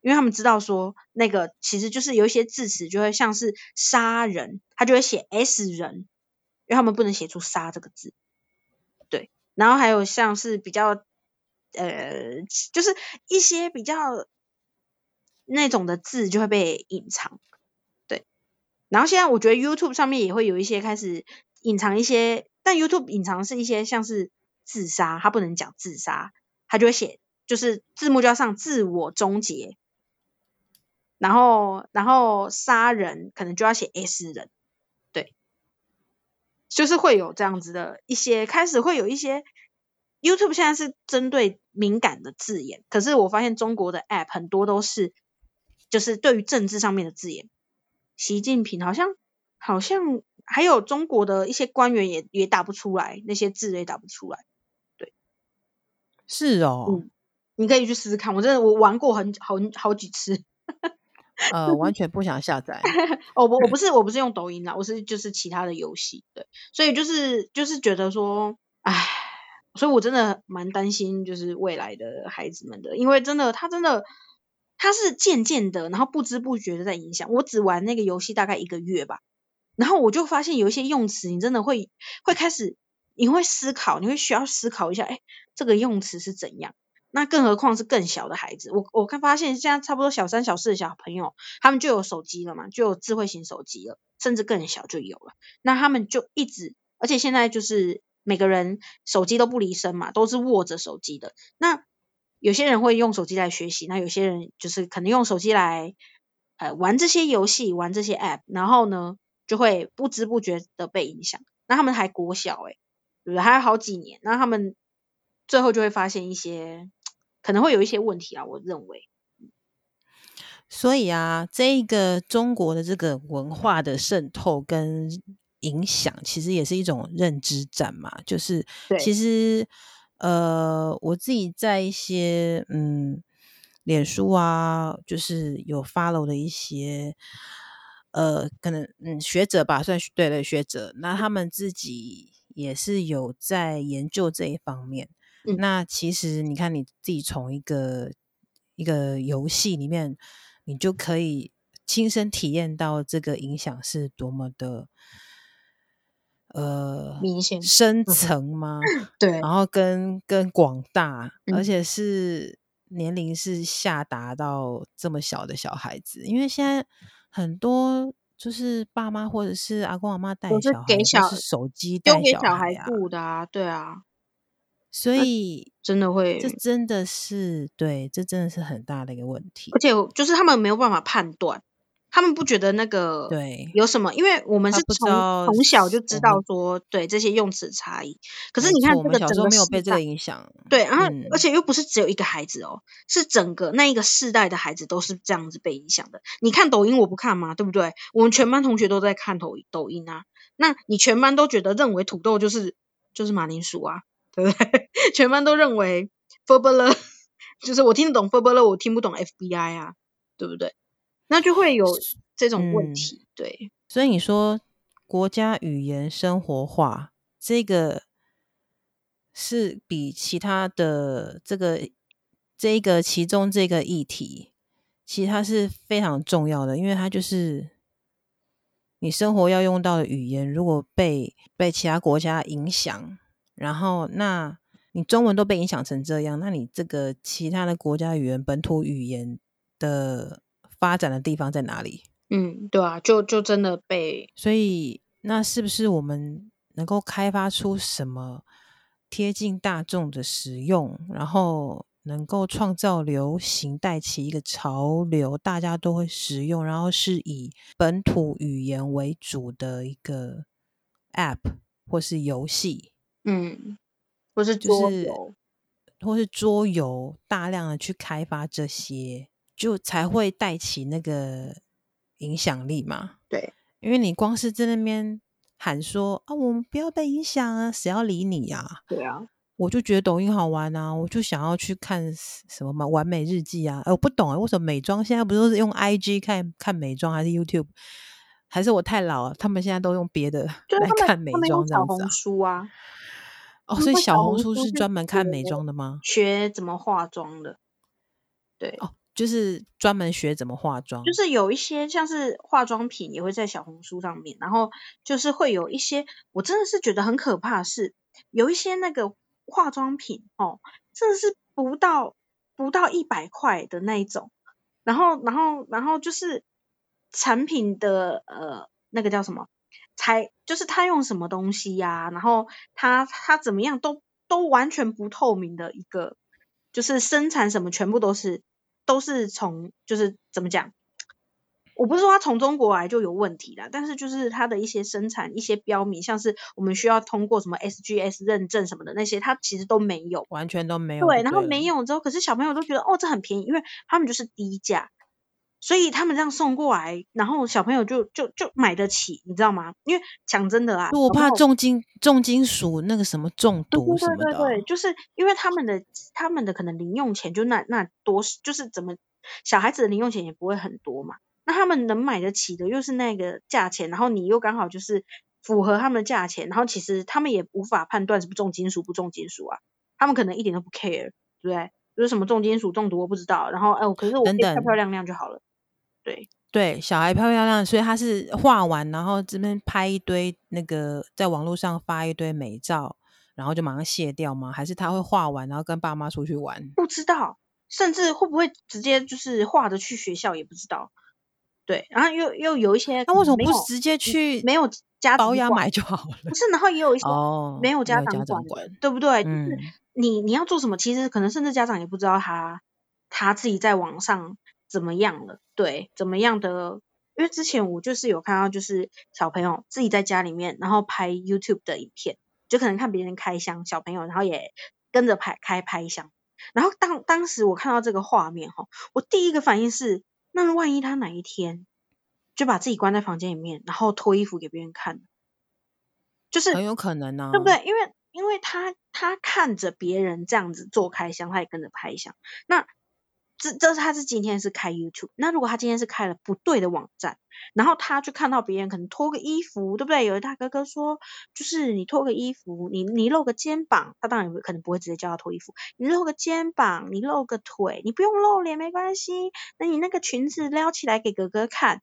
因為他們知道說那個其實就是有一些字詞就會像是“殺人”，他就會寫 “s 人”，因為他們不能寫出“殺”這個字，對。然後還有像是比較呃，就是一些比較那種的字就會被隱藏。然後現在我覺得 YouTube 上面也會有一些開始隱藏一些，但 YouTube 隱藏的是一些像是自殺，他不能講自殺，他就會寫就是字幕就要上自我終結，然後然後殺人可能就要寫 S 人，對，就是會有這樣子的一些開始會有一些 YouTube 現在是針對敏感的字眼，可是我發現中國的 App 很多都是就是對於政治上面的字眼。習近平好像好像還有中國的一些官員也也打不出來那些字也打不出來，對，是哦，嗯，你可以去試試看，我真的我玩過很好好幾次， 呃，完全不想下載， 哦，我我不是我不是用抖音啦，我是就是其他的遊戲，對，所以就是就是覺得說，唉，所以我真的蠻擔心就是未來的孩子們的，因為真的他真的。它是漸漸的，然後不知不覺的在影響。我只玩那個遊戲大概一個月吧，然後我就發現有一些用詞，你真的會會開始，你會思考，你會需要思考一下，誒，這個用詞是怎樣？那更何況是更小的孩子。我我看發現現在差不多小三、小四的小朋友，他們就有手機了嘛，就有智慧型手機了，甚至更小就有了。那他們就一直，而且現在就是每個人手機都不離身嘛，都是握着手機的。那有些人會用手機來學習，那有些人就是可能用手機來呃玩這些遊戲，玩這些 App，然後呢就會不知不覺的被影響。那他們還國小誒、對不對？還有好幾年，那他們最後就會發現一些可能會有一些問題啊。我認為，所以啊，這個中國的這個文化的滲透跟影響，其實也是一種認知戰嘛，就是其實。呃，我自己在一些嗯，臉書啊，就是有 follow 的一些，呃，可能嗯學者吧，算是對的學者。那他們自己也是有在研究這一方面。嗯、那其實你看你自己從一個一個遊戲裡面，你就可以親身體驗到這個影響是多麼的。呃，明顯深層嗎？對、嗯，然後跟跟廣大，而且是年齡是下達到這麼小的小孩子，嗯，因為現在很多就是爸媽或者是阿公阿媽帶小孩，我是給小是手機帶小孩。啊小孩的啊。對啊，所以、啊、真的會，這真的是對，這真的是很大的一個問題，而且就是他們沒有辦法判斷。他們不覺得那個對有什麼，因為我們是從從小就知道說、嗯、對這些用詞差異。可是你看這個整個，我們小時候沒有被這個影響。對，然、嗯、後而且又不是只有一個孩子哦，是整個那一個世代的孩子都是這樣子被影響的。你看抖音，我不看嘛，對不對？我們全班同學都在看抖抖音啊。那你全班都覺得認為土豆就是就是馬鈴薯啊，對不對？全班都認為 FBI 了，就是我聽得懂 FBI 了，我聽不懂 FBI 啊，對不對？那就會有這種問題，嗯，對。所以你說國家語言生活化這個是比其他的這個這個其中這個議題，其實它是非常重要的，因為它就是你生活要用到的語言，如果被被其他國家影響，然後那你中文都被影響成這樣，那你這個其他的國家語言本土語言的。發展的地方在哪裡？嗯，對啊，就就真的被。所以，那是不是我們能夠開發出什麼貼近大眾的使用，然後能夠創造流行帶起一個潮流，大家都會使用，然後是以本土語言為主的一個 App 或是遊戲？嗯，或是桌遊，就是，或是桌遊，大量的去開發這些。就才會帶起那個影響力嘛？對，因為你光是在那邊喊說啊，我們不要被影響啊，誰要理你呀、啊？對啊，我就覺得抖音好玩啊，我就想要去看什麼嘛，完美日記啊。呃、我不懂啊、欸，為什麼美妝現在不是，都是用 IG 看看美妝，還是 YouTube？還是我太老了？他們現在都用別的來看美妝這樣子、啊，小紅書啊。哦，所以小紅書是專門看美妝的嗎？學，學怎麼化妝的？對哦。就是專門學怎麼化妝，就是有一些像是化妝品也會在小紅書上面，然後就是會有一些，我真的是覺得很可怕的是，是有一些那個化妝品哦，真的是不到不到一百塊的那一種，然後然後然後就是產品的呃那個叫什麼才，就是他用什麼東西呀、啊，然後他他怎麼樣都都完全不透明的一個，就是生產什麼全部都是。都是從，就是怎麼講？我不是說他從中國來就有問題啦，但是就是他的一些生產、一些標明，像是我們需要通過什麼 SGS 認證什麼的那些，他其實都沒有，完全都沒有，對。對，然後沒有之後，可是小朋友都覺得哦，這很便宜，因為他們就是低價。所以他們這樣送過來，然後小朋友就就就買得起，你知道嗎？因為講真的啊,我怕重金重金屬那個什麼中毒對對對對什麼的。對對對，就是因為他們的他們的可能零用錢就那那多，就是怎麼小孩子的零用錢也不會很多嘛。那他們能買得起的又是那個價錢，然後你又剛好就是符合他們的價錢，然後其實他們也無法判斷是不重金屬不重金屬啊，他們可能一點都不 care，對不對？就是什麼重金屬中毒我不知道，然後哎，我可是我漂漂亮亮就好了。等等對對，小孩漂漂亮亮，所以他是畫完，然後這邊拍一堆那個，在網絡上發一堆美照，然後就馬上卸掉嗎？還是他會畫完，然後跟爸媽出去玩？不知道，甚至會不會直接就是畫着去學校也不知道。對，然後又又有一些有，那為什麼不直接去沒有家長，包買就好了？不是，然後也有一些沒有家長管，對不對？嗯就是、你你要做什麼，其實可能甚至家長也不知道他他自己在網上。怎麼樣了？對，怎麼樣的？因為之前我就是有看到，就是小朋友自己在家裡面，然後拍 YouTube 的影片，就可能看別人開箱，小朋友然後也跟着拍開拍箱。然後當當時我看到這個畫面哈，我第一個反應是：那萬一他哪一天就把自己關在房間裡面，然後脫衣服給別人看，就是很有可能呢、啊，對不對？因為因為他他看着別人這樣子做開箱，他也跟着拍箱，那。這這是他是今天是開 YouTube，那如果他今天是開了不對的網站，然後他就看到別人可能脫個衣服，對不對？有一大哥哥說，就是你脫個衣服，你你露個肩膀，他當然可能不會直接叫他脫衣服，你露個肩膀，你露個腿，你露個腿，你不用露臉沒關係。那你那個裙子撩起來給哥哥看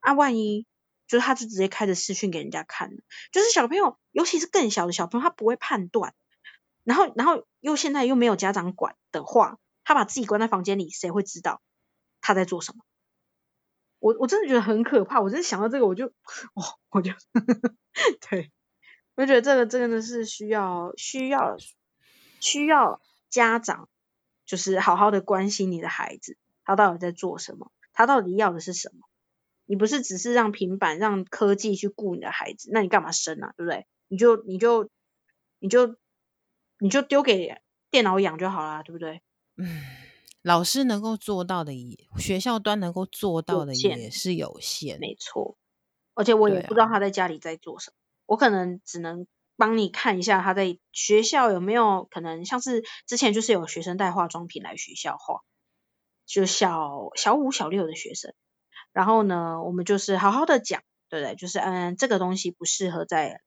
啊，萬一就是他就直接開着視訊給人家看，就是小朋友，尤其是更小的小朋友，他不會判斷，然後然後又現在又沒有家長管的話。他把自己關在房間裡，誰會知道他在做什麼？我我真的覺得很可怕。我真的想到這個我我，我就，我我就，對，我覺得這個真的是需要需要需要家長，就是好好的關心你的孩子，他到底在做什麼？他到底要的是什麼？你不是只是讓平板、讓科技去顧你的孩子？那你幹嘛生啊？對不對？你就你就你就你就丟給電腦養就好了，對不對？嗯，老師能夠做到的也，也學校端能夠做到的也是有限，有限沒錯。而且我也不知道他在家裡在做什麼，啊、我可能只能幫你看一下他在學校有沒有可能，像是之前就是有學生帶化妝品來學校化，就小小五小六的學生。然後呢，我們就是好好的講，對不對？就是嗯，這個東西不適合再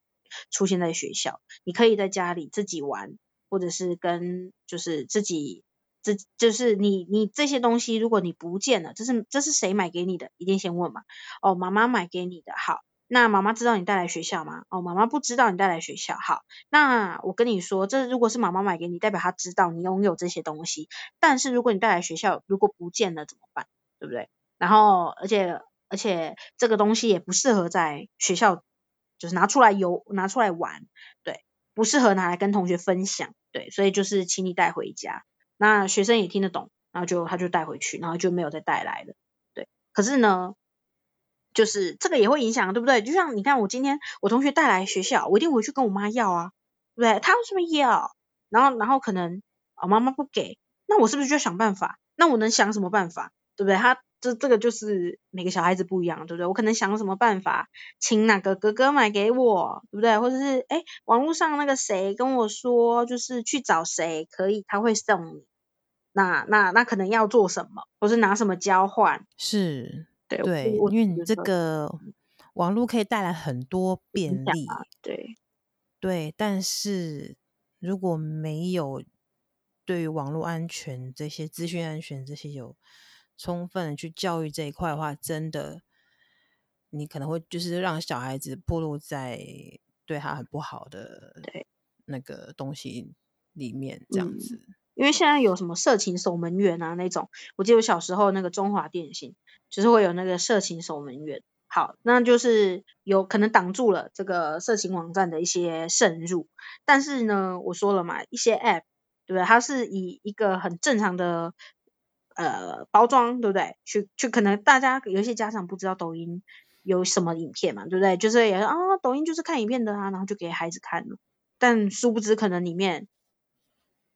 出現在學校，你可以在家裡自己玩，或者是跟就是自己。這就是你你這些東西，如果你不見了，這是這是誰買給你的？一定先問嘛。哦，媽媽買給你的，好，那媽媽知道你帶來學校嗎？哦，媽媽不知道你帶來學校，好，那我跟你說，這如果是媽媽買給你，代表她知道你擁有這些東西。但是如果你帶來學校，如果不見了怎麼辦？對不對？然後，而且而且這個東西也不適合在學校，就是拿出來遊拿出來玩，對，不適合拿來跟同學分享，對，所以就是請你帶回家。那學生也聽得懂，然後就他就帶回去，然後就沒有再帶來了。對，可是呢，就是這個也會影響，對不對？就像你看，我今天我同學帶來學校，我一定回去跟我媽要啊，對不對？他為什麼要？然後，然後可能，哦，媽媽不給，那我是不是就想辦法？那我能想什麼辦法？對不對？他。這這個就是每個小孩子不一樣，對不對？我可能想什麼辦法，請哪個哥哥買給我，對不對？或者是哎，網絡上那個誰跟我說，就是去找誰可以，他會送你。那那那可能要做什麼，或是拿什麼交換？是，對對，對因、這個，因為你這個網絡可以帶來很多便利，啊、對對。但是如果沒有對於網絡安全這些、資訊安全這些有。充分去教育這一塊的話，真的，你可能會就是讓小孩子暴露在對他很不好的那個東西裡面，這樣子、嗯。因為現在有什麼色情守門員啊那種，我記得我小時候那個中華電信就是會有那個色情守門員。好，那就是有可能擋住了這個色情網站的一些滲入。但是呢，我說了嘛，一些 App 對不對？它是以一個很正常的。呃，包裝對不對？去去，可能大家有一些家長不知道抖音有什麼影片嘛，對不對？就是也啊，抖音就是看影片的啊，然後就給孩子看了。但殊不知，可能裡面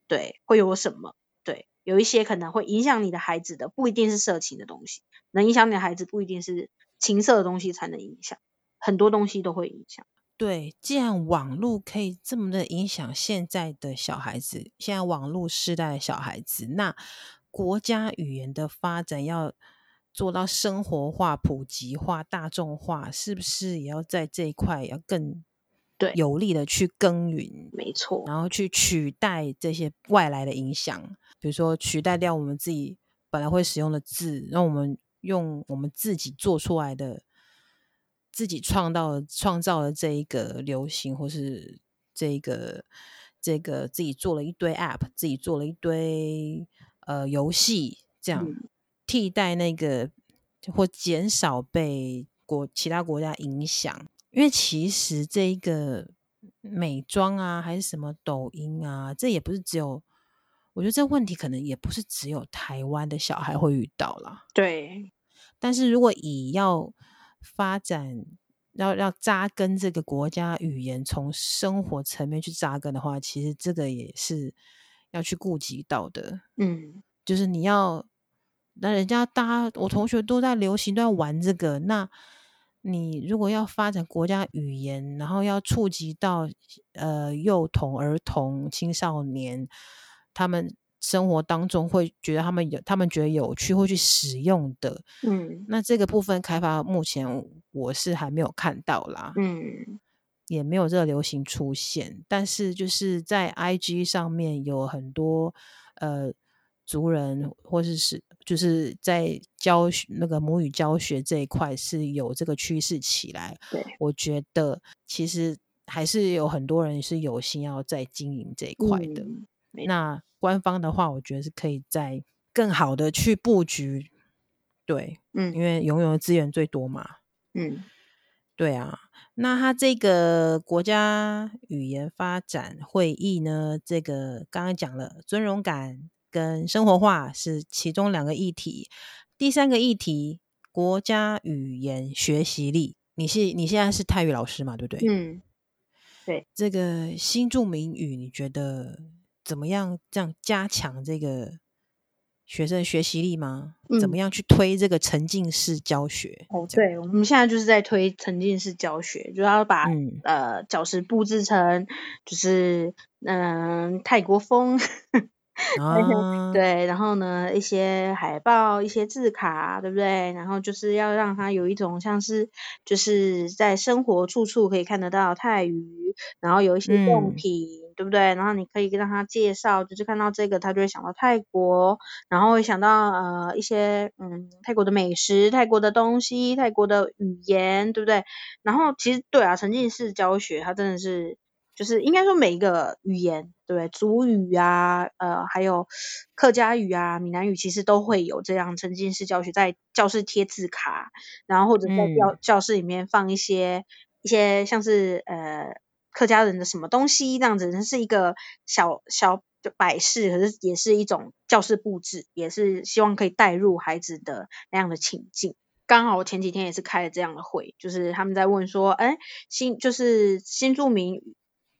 對會有什麼？對，有一些可能會影響你的孩子的，不一定是色情的東西，能影響你的孩子，不一定是情色的東西才能影響，很多東西都會影響。對，既然網絡可以這麼的影響現在的小孩子，現在網絡時代的小孩子，那。國家語言的發展要做到生活化、普及化、大眾化，是不是也要在這一塊要更對有力的去耕耘？沒錯，然後去取代這些外來的影響，比如說取代掉我們自己本來會使用的字，讓我們用我們自己做出來的、自己創造創造的這一個流行，或是這一個這個自己做了一堆 App，自己做了一堆。呃，遊戲這樣替代那個，或減少被國其他國家影響，因為其實這一個美妝啊，還是什麼抖音啊，這也不是只有。我覺得這問題可能也不是只有台灣的小孩會遇到了。對，但是如果以要發展，要要紮根這個國家語言，從生活層面去紮根的話，其實這個也是。要去顧及到的，嗯，就是你要，那人家大家，我同學都在流行，都在玩這個。那你如果要發展國家語言，然後要觸及到呃幼童、兒童、青少年，他們生活當中會覺得他們有，他們覺得有趣，會去使用的。嗯，那這個部分開發目前我是還沒有看到啦。嗯。也沒有這個流行出現，但是就是在 IG 上面有很多呃族人或，或者是就是在教那個母語教學這一塊是有這個趨勢起來。對，我覺得其實還是有很多人是有心要在經營這一塊的，嗯。那官方的話，我覺得是可以再更好的去布局。對，嗯，因為擁有的資源最多嘛。嗯，對啊。那他這個國家語言發展會議呢？這個剛剛講了尊榮感跟生活化是其中兩個議題，第三個議題國家語言學習力。你是你現在是泰語老師嘛？對不對？嗯，對。這個新住民語你覺得怎麼樣？這樣加強這個？學生學習力嗎、嗯？怎麼樣去推這個沉浸式教學？哦、oh,，對，我們現在就是在推沉浸式教學，就要把、嗯、呃教室佈置成就是嗯、呃、泰國風 、啊，對，然後呢，一些海報、一些字卡，對不對？然後就是要讓它有一種像是就是在生活處處可以看得到的泰語，然後有一些貢品。嗯對不對？然後你可以讓他介紹，就是看到這個，他就會想到泰國，然後會想到呃一些嗯泰國的美食、泰國的東西、泰國的語言，對不對？然後其實對啊，沉浸式教學它真的是就是應該說每一個語言，對不對？族語啊，呃，還有客家語啊、閩南語，其實都會有這樣沉浸式教學，在教室貼字卡，然後或者在教、嗯、教室裡面放一些一些像是呃。客家人的什麼東西，這樣子，是一個小小擺設，可是也是一種教室布置，也是希望可以帶入孩子的那樣的情境。剛好我前幾天也是開了這樣的會，就是他們在問說，哎，新就是新住民。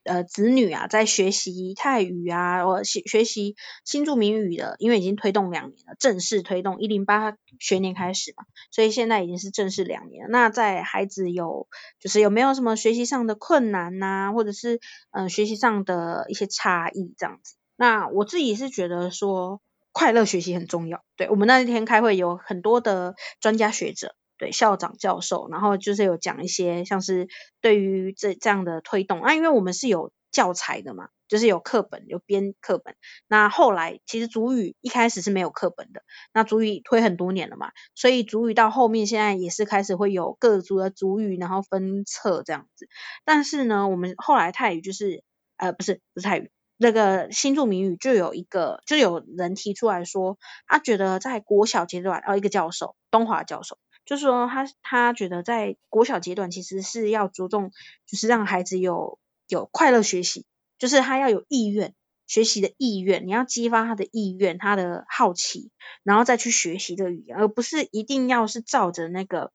呃，子女啊，在學習泰語啊，或學學習新住民語的，因為已經推動兩年了，正式推動一零八學年開始嘛，所以現在已經是正式兩年了。那在孩子有，就是有沒有什麼學習上的困難吶、啊，或者是嗯、呃，學習上的一些差異這樣子？那我自己是覺得說，快樂學習很重要。對，我們那一天開會有很多的專家學者。對校長、教授，然後就是有講一些像是對於這這樣的推動。那、啊、因為我們是有教材的嘛，就是有課本，有編課本。那後來其實族語一開始是沒有課本的，那族語推很多年了嘛，所以族語到後面現在也是開始會有各族的族語，然後分冊這樣子。但是呢，我們後來泰語就是呃，不是不是泰語，那個新住民語就有一個，就有人提出來說，他覺得在國小階段哦，一個教授，東華教授。就是說他，他他覺得在國小階段，其實是要着重，就是讓孩子有有快樂學習，就是他要有意願學習的意願，你要激發他的意願，他的好奇，然後再去學習這個語言，而不是一定要是照着那個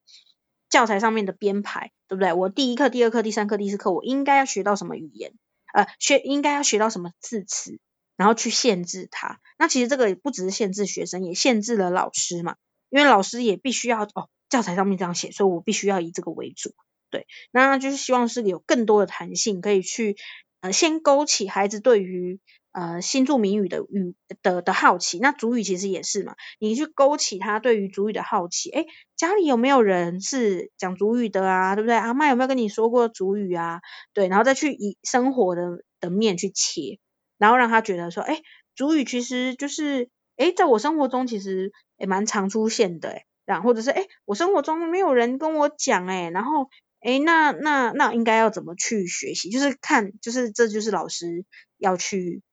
教材上面的編排，對不對？我第一課、第二課、第三課、第四課，我應該要學到什麼語言？呃，學應該要學到什麼字詞？然後去限制他。那其實這個也不只是限制學生，也限制了老師嘛，因為老師也必須要哦。教材上面這樣寫，所以我必須要以這個為主，對，那就是希望是有更多的彈性，可以去呃先勾起孩子對於呃新住民語的語的的，的好奇。那族語其實也是嘛，你去勾起他對於族語的好奇，誒家裡有沒有人是講族語的啊？對不對？阿嬤有沒有跟你說過族語啊？對，然後再去以生活的的面去切，然後讓他覺得說，誒族語其實就是，誒在我生活中其實也蠻常出現的誒，誒然後或者是哎，我生活中沒有人跟我講誒，然後誒，那那那應該要怎麼去學習？就是看，就是這就是老師要去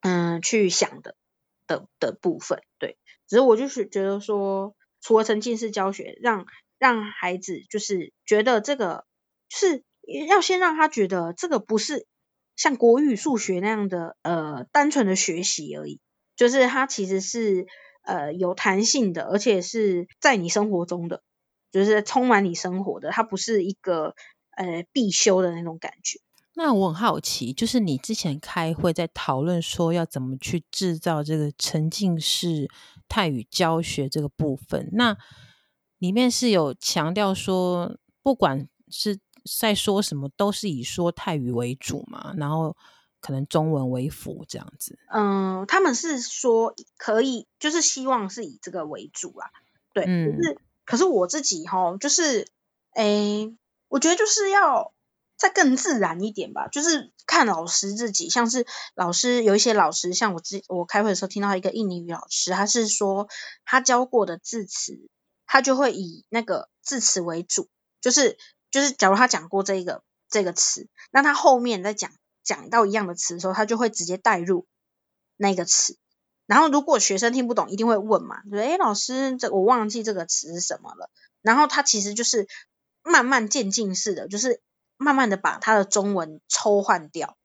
嗯、呃、去想的的的部分，對。只是我就是覺得說，除了沉浸式教學，讓讓孩子就是覺得這個、是要先讓他覺得這個不是像國語、數學那樣的呃單純的學習而已，就是他其實是。呃，有彈性的，而且是在你生活中的，就是充滿你生活的，它不是一個呃必修的那種感覺。那我很好奇，就是你之前開會在討論說要怎麼去制造這個沉浸式泰語教學這個部分，那裡面是有強調說，不管是在說什麼，都是以說泰語為主嘛，然後。可能中文為輔這樣子，嗯，他們是說可以，就是希望是以這個為主啊。對，可是，嗯，可是我自己哈，就是誒、欸，我覺得就是要再更自然一點吧。就是看老師自己，像是老師有一些老師，像我之我開會的時候聽到一個印尼語老師，他是說他教過的字詞，他就會以那個字詞為主，就是就是假如他講過這個這個詞，那他後面再講。講到一樣的詞的時候，他就會直接帶入那個詞。然後如果學生聽不懂，一定會問嘛，誒，老師，這我忘記這個詞是什麼了。然後他其實就是慢慢漸進式的，就是慢慢的把他的中文抽換掉，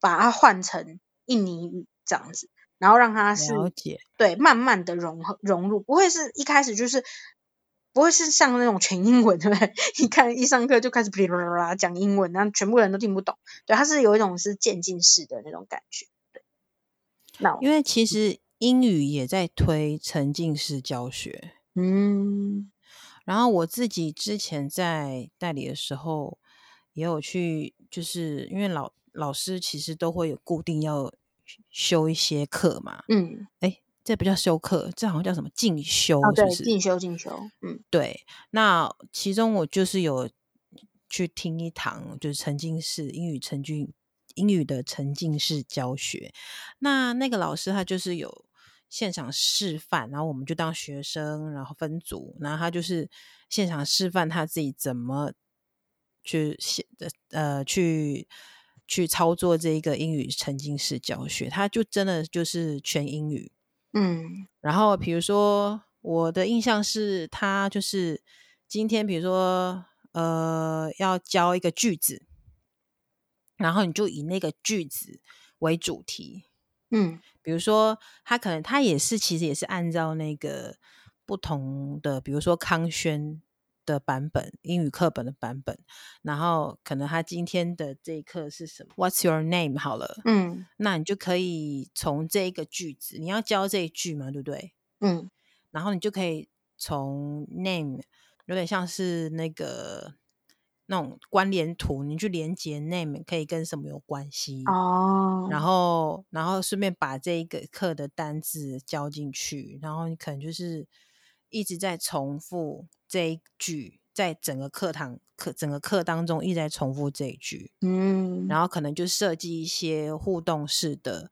把它換成印尼語這樣子，然後讓他是，了解。對，慢慢的融合融入，不會是一開始就是。不會是像那種全英文對不對？一看一上課就開始噼里啪啦講英文，然後全部人都聽不懂。對，它是有一種是漸進式的那種感覺，對。那因為其實英語也在推沉浸式教學，嗯，嗯。然後我自己之前在代理的時候也有去，就是因為老老師其實都會有固定要修一些課嘛，嗯，誒。這不叫修課，這好像叫什麼進修？哦對，對，進修，進修。嗯，對。那其中我就是有去聽一堂，就是沉浸式英語沉浸英語的沉浸式教學。那那個老師他就是有現場示範，然後我們就當學生，然後分組，然後他就是現場示範他自己怎麼去現呃去去操作這一個英語沉浸式教學，他就真的就是全英語。嗯，然後比如說我的印象是，他就是今天比如說呃要教一個句子，然後你就以那個句子為主題，嗯，比如說他可能他也是其實也是按照那個不同的，比如說康軒。的版本，英語課本的版本，然後可能他今天的這一課是什麼？What's your name？好了，嗯，那你就可以從這一個句子，你要教這一句嘛，對不對？嗯，然後你就可以從 name 有點像是那個那種關聯圖，你去連接 name 可以跟什麼有關係哦，然後然後順便把這一個課的單字教進去，然後你可能就是。一直在重複這一句，在整個課堂課整個課當中一直在重複這一句，嗯，然後可能就設計一些互動式的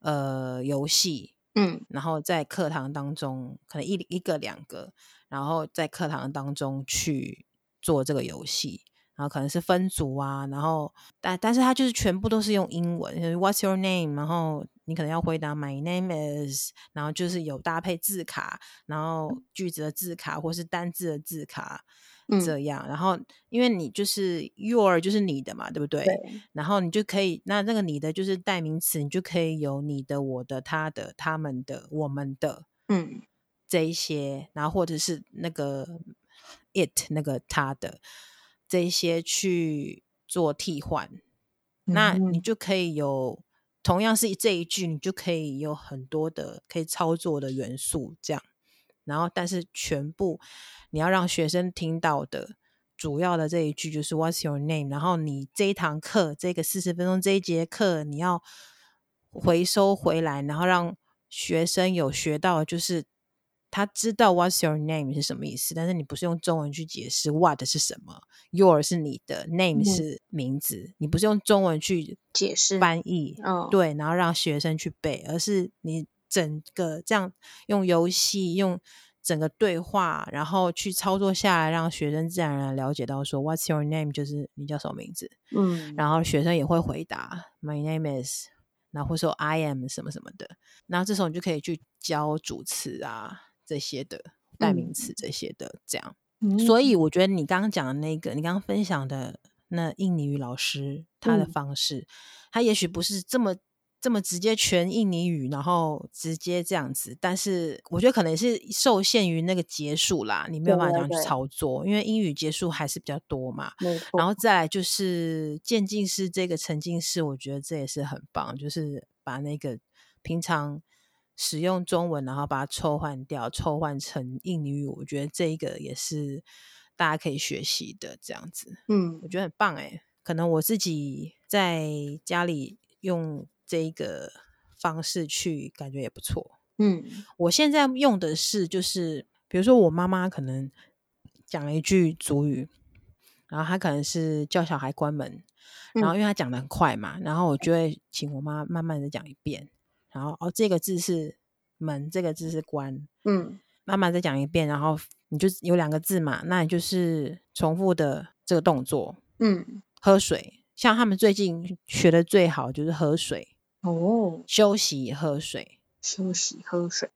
呃遊戲，嗯，然後在課堂當中可能一一個兩個，然後在課堂當中去做這個遊戲，然後可能是分組啊，然後但但是他就是全部都是用英文，What's your name，然後。你可能要回答 “My name is”，然後就是有搭配字卡，然後句子的字卡或是單字的字卡這樣。嗯、然後因為你就是 “your” 就是你的嘛，對不對？對。然後你就可以那那個你的就是代名詞，你就可以有你的、我的、他的、他們的、我們的，嗯，這一些，然後或者是那個 “it” 那個他的這一些去做替換，嗯，那你就可以有。同樣是這一句，你就可以有很多的可以操作的元素，這樣。然後，但是全部你要讓學生聽到的主要的這一句就是 "What's your name？"，然後你這一堂課這個四十分鐘這一節課，你要回收回來，然後讓學生有學到就是。他知道 "What's your name" 是什麼意思，但是你不是用中文去解釋 "What" 是什麼，"your" 是你的，"name"、嗯、是名字，你不是用中文去解釋、翻譯、哦，對，然後讓學生去背，而是你整個這樣用遊戲、用整個對話，然後去操作下來，讓學生自然而然了解到說 "What's your name" 就是你叫什麼名字，嗯，然後學生也會回答 "My name is"，然後會說 "I am" 什麼什麼的，然後這時候你就可以去教主詞啊。這些的代名詞，這些的、嗯、這樣、嗯，所以我覺得你剛剛講的那個，你剛剛分享的那印尼語老師他的方式、嗯，他也許不是這麼這麼直接全印尼語，然後直接這樣子，但是我覺得可能也是受限於那個節數啦，你沒有辦法這樣去操作，因為英語節數還是比較多嘛。然後再來就是漸進式這個沉浸式，我覺得這也是很棒，就是把那個平常。使用中文，然後把它抽換掉，抽換成印尼語。我覺得這一個也是大家可以學習的，這樣子，嗯，我覺得很棒誒。可能我自己在家裡用這一個方式去，感覺也不錯。嗯，我現在用的是，就是比如說我媽媽可能講了一句族語，然後她可能是叫小孩關門，然後因為她講的很快嘛、嗯，然後我就會請我媽慢慢的講一遍。然後哦，這個字是門，這個字是關。嗯，慢慢再講一遍，然後你就有兩個字嘛，那你就是重複的這個動作。嗯，喝水，像他們最近學的最好就是喝水。哦，休息喝水，休息喝水。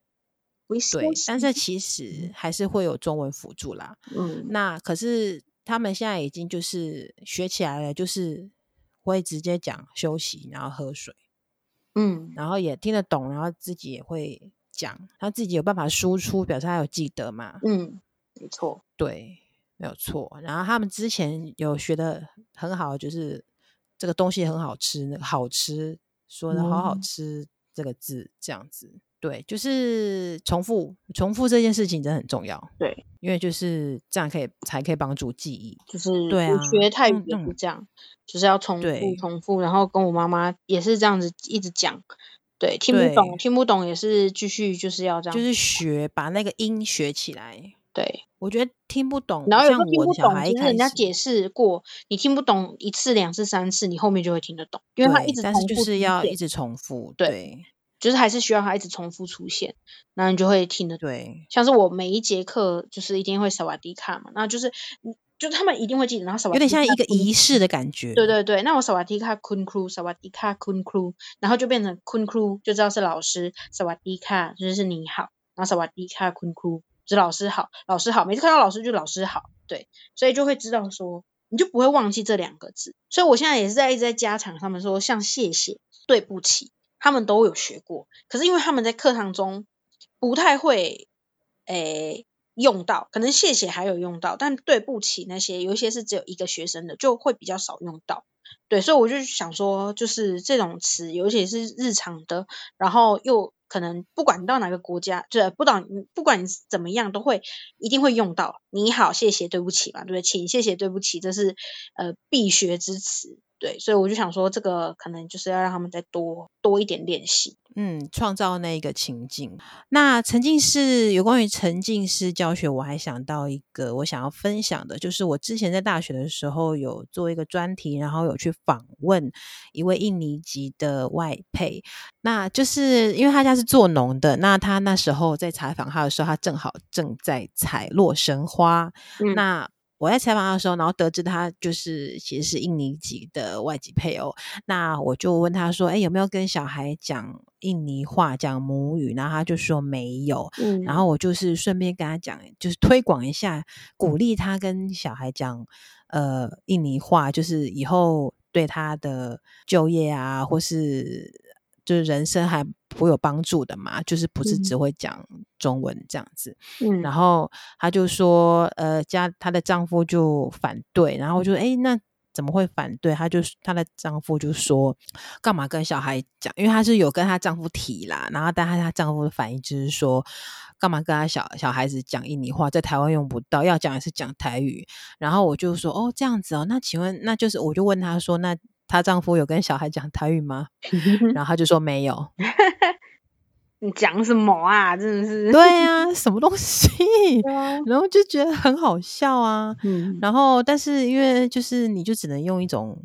對，但是其實還是會有中文輔助啦。嗯，那可是他們現在已經就是學起來了，就是會直接講休息，然後喝水。嗯，然後也聽得懂，然後自己也會講，他自己有辦法輸出，表示他有記得嘛。嗯，沒錯，對，沒有錯。然後他們之前有學的很好，就是這個東西很好吃，那個好吃，說的好好吃這個字、嗯、這樣子。對，就是重複重複這件事情真的很重要。對，因為就是這樣可以才可以幫助記憶。就是對啊，學太重，這樣、嗯，就是要重複重複，然後跟我媽媽也是這樣子一直講。對，聽不懂聽不懂也是繼續就是要這樣。就是學把那個音學起來。對，我覺得聽不懂，然後有像我的小孩聽人家解釋過，你聽不懂一次兩次三次，你後面就會聽得懂，因為他一直重複，但是就是要一直重複。對。就是還是需要他一直重複出現，然後你就會聽得對。像是我每一節課就是一定會薩瓦迪卡嘛，那就是，就他們一定會記得。然後、Sawadika、有點像一個儀式的感覺。對對對，那我薩瓦迪卡坤庫，薩瓦迪卡坤庫，然後就變成坤庫，就知道是老師。薩瓦迪卡就是你好，然後薩瓦迪卡坤庫就是老師好，老師好，每次看到老師就老師好，對，所以就會知道說，你就不會忘記這兩個字。所以我現在也是在一直在加強他們說像謝謝、對不起。他們都有學過，可是因為他們在課堂中不太會誒、欸、用到，可能謝謝還有用到，但對不起那些有一些是只有一個學生的就會比較少用到，對，所以我就想說，就是這種詞，尤其是日常的，然後又可能不管你到哪個國家，就是不管，不管你怎麼樣，都會一定會用到，你好，謝謝，對不起嘛，對不起，謝謝，對不起，這是呃必學之詞。對，所以我就想說，這個可能就是要讓他們再多多一點練習，嗯，創造那個情境。那沉浸式有關於沉浸式教學，我還想到一個我想要分享的，就是我之前在大學的時候有做一個專題，然後有去訪問一位印尼籍的外配，那就是因為他家是做農的，那他那時候在採訪他的時候，他正好正在採洛神花，嗯，那。我在採訪的時候，然後得知他就是其實是印尼籍的外籍配偶。那我就問他說：“誒、欸、有沒有跟小孩講印尼話，講母語？”然後他就說沒有。嗯、然後我就是順便跟他講，就是推廣一下，鼓勵他跟小孩講呃印尼話，就是以後對他的就業啊，或是。就是人生還頗有幫助的嘛，就是不是只會講中文這樣子。嗯，然後她就說，呃，家她的丈夫就反對，然後我就哎、欸，那怎麼會反對？她就她的丈夫就說，幹嘛跟小孩講？因為她是有跟她丈夫提啦，然後但她她丈夫的反應就是說，幹嘛跟她小小孩子講印尼話？在台灣用不到，要講也是講台語。然後我就說，哦，這樣子哦，那請問，那就是我就問她說，那。她丈夫有跟小孩講台語嗎？ 然後他就說沒有。 你講什麼啊？真的是？對啊，什麼東西？ 然後就覺得很好笑啊。嗯。然後，但是因為就是你就只能用一種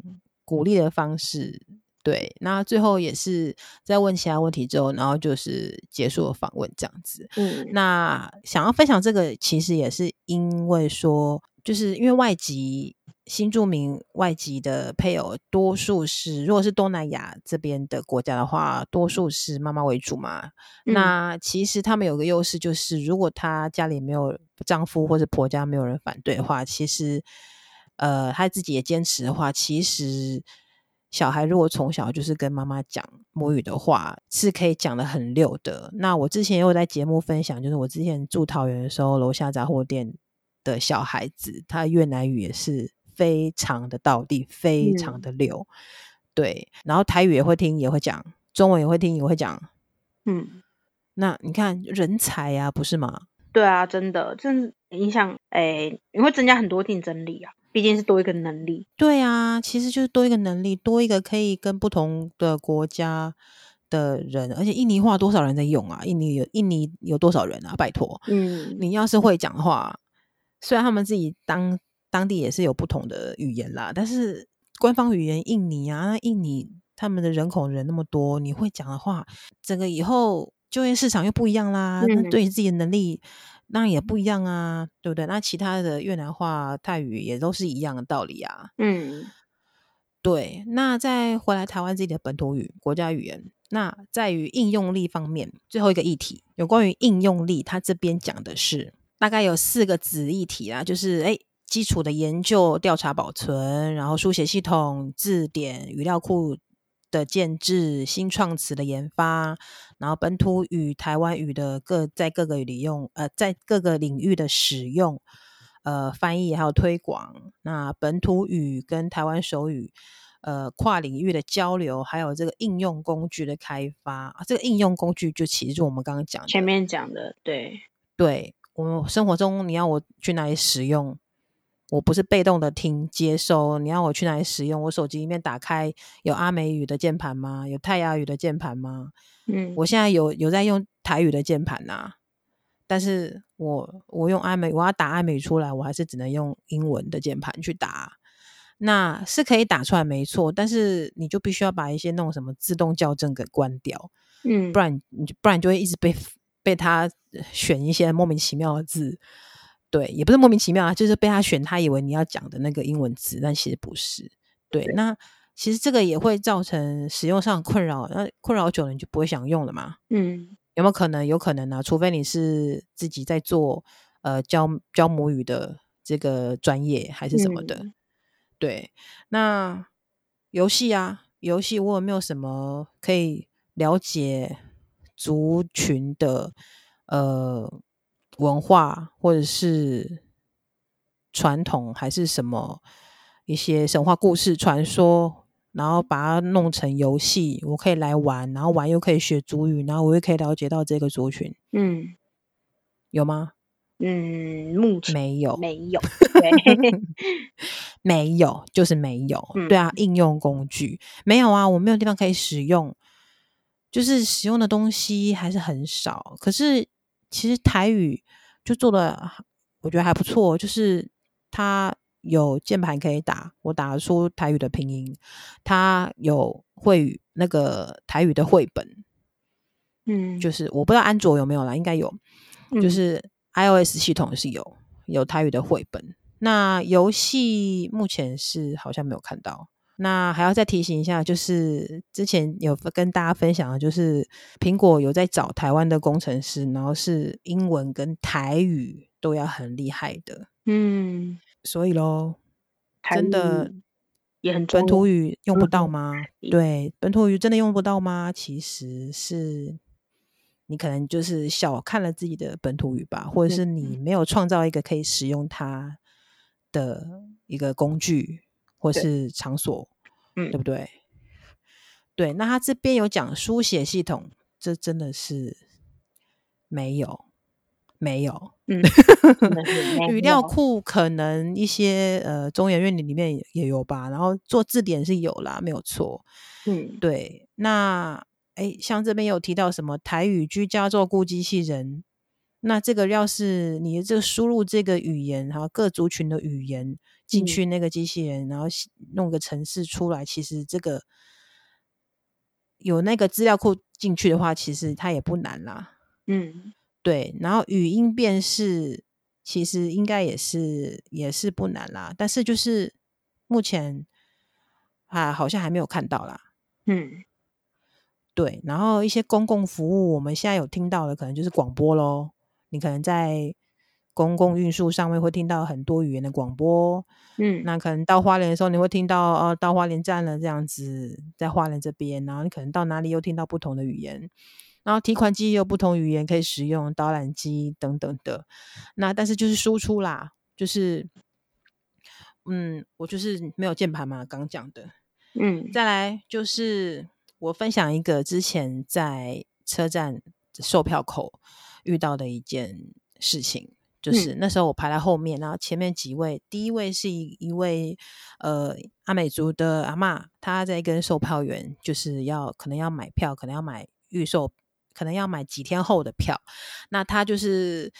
鼓勵的方式。對。那最後也是在問其他問題之後，然後就是結束了訪問這樣子。嗯。那想要分享這個，其實也是因為說，就是因為外籍。新住民外籍的配偶，多數是，如果是東南亞這邊的國家的話，多數是媽媽為主嘛。嗯、那其實他們有個優勢，就是如果他家裡沒有丈夫或者婆家沒有人反對的話，其實呃他自己也堅持的話，其實小孩如果從小就是跟媽媽講母語的話，是可以講得很溜的。那我之前也有在節目分享，就是我之前住桃園的時候，樓下雜貨店的小孩子，他越南語也是。非常的道地，非常的溜、嗯，對。然後台語也會聽，也會講；中文也會聽，也會講。嗯，那你看人才啊，不是嗎？對啊，真的，真的影響。哎、欸，你會增加很多競爭力啊，畢竟是多一個能力。對啊，其實就是多一個能力，多一個可以跟不同的國家的人，而且印尼話多少人在用啊？印尼有印尼有多少人啊？拜托，嗯，你要是會講的話，雖然他們自己當。當地也是有不同的語言啦，但是官方語言印尼啊，那印尼他們的人口人那麼多，你會講的話，整個以後就業市場又不一樣啦，那、嗯、對你自己的能力那也不一樣啊，對不對？那其他的越南話、泰語也都是一樣的道理啊。嗯，對。那再回來台灣自己的本土語、國家語言，那在於應用力方面，最後一個議題有關於應用力，它這邊講的是大概有四個子議題啦，就是哎，誒基礎的研究、調查、保存，然後書寫系統、字典、語料庫的建置，新創詞的研發，然後本土語、台灣語的各在各個領用，呃，在各個領域的使用，呃，翻譯還有推廣。那本土語跟台灣手語，呃，跨領域的交流，還有這個應用工具的開發。啊、這個應用工具就其實就是我們剛剛講的，前面講的，對，對我生活中你要我去哪裡使用？我不是被動的聽接收，你要我去哪裡使用？我手機裡面打開有阿美語的鍵盤嗎？有泰雅語的鍵盤嗎？嗯，我現在有有在用台語的鍵盤吶，但是我我用阿美，我要打阿美出來，我還是只能用英文的鍵盤去打，那是可以打出來沒錯，但是你就必須要把一些那種什麼自動校正給關掉，嗯，不然不然你就會一直被被他選一些莫名其妙的字。對，也不是莫名其妙啊，就是被他選，他以為你要講的那個英文字，但其實不是。對，對，那其實這個也會造成使用上困擾，那困擾久了你就不會想用了嘛。嗯，有沒有可能？有可能啊，除非你是自己在做呃教教母語的這個專業還是什麼的。嗯、對，那遊戲啊，遊戲我有沒有什麼可以了解族群的呃？文化或者是傳統，還是什麼一些神話故事、傳說，然後把它弄成遊戲，我可以來玩，然後玩又可以學族語，然後我又可以了解到這個族群。嗯，有嗎？嗯，目前沒有，沒有，對 沒有，就是沒有。嗯、對啊，應用工具沒有啊，我沒有地方可以使用，就是使用的東西還是很少，可是。其實台語就做的，我覺得還不錯。就是它有鍵盤可以打，我打得出台語的拼音。它有會語那個台語的繪本，嗯，就是我不知道安卓有沒有啦，應該有。嗯、就是 iOS 系統是有有台語的繪本。那遊戲目前是好像沒有看到。那還要再提醒一下，就是之前有跟大家分享的，就是蘋果有在找台灣的工程師，然後是英文跟台語都要很厲害的。嗯，所以嘍，真的也很重要。本土語用不到嗎？對，本土語真的用不到嗎？其實是你可能就是小看了自己的本土語吧，或者是你沒有創造一個可以使用它的一個工具，或是場所，嗯，對不對、嗯？對，那他這邊有講書寫系統，這真的是沒有沒有，嗯， 語料庫可能一些呃中研院裡裡面也有吧，然後做字典是有啦，沒有錯，嗯，對。那誒、欸、像這邊有提到什麼台語居家照顧機器人，那這個要是你這個輸入這個語言哈，還有各族群的語言。進去那個機器人，嗯、然後弄個程式，出來，其實這個有那個資料庫進去的話，其實它也不難啦。嗯，對。然後語音辨識，其實應該也是也是不難啦。但是就是目前啊，好像還沒有看到啦。嗯，對。然後一些公共服務，我們現在有聽到的，可能就是廣播嘍。你可能在。公共運輸上面會聽到很多語言的廣播，嗯，那可能到花蓮的時候，你會聽到哦，到花蓮站了這樣子，在花蓮這邊，然後你可能到哪裡又聽到不同的語言，然後提款機也有不同語言可以使用，導覽機等等的，那但是就是輸出啦，就是，嗯，我就是沒有鍵盤嘛，剛講的，嗯，再來就是我分享一個之前在車站售票口遇到的一件事情。就是那時候我排在後面，嗯，然後前面幾位，第一位是一一位呃阿美族的阿嬤，她在跟售票員，就是要可能要買票，可能要買預售，可能要買幾天後的票，那他就是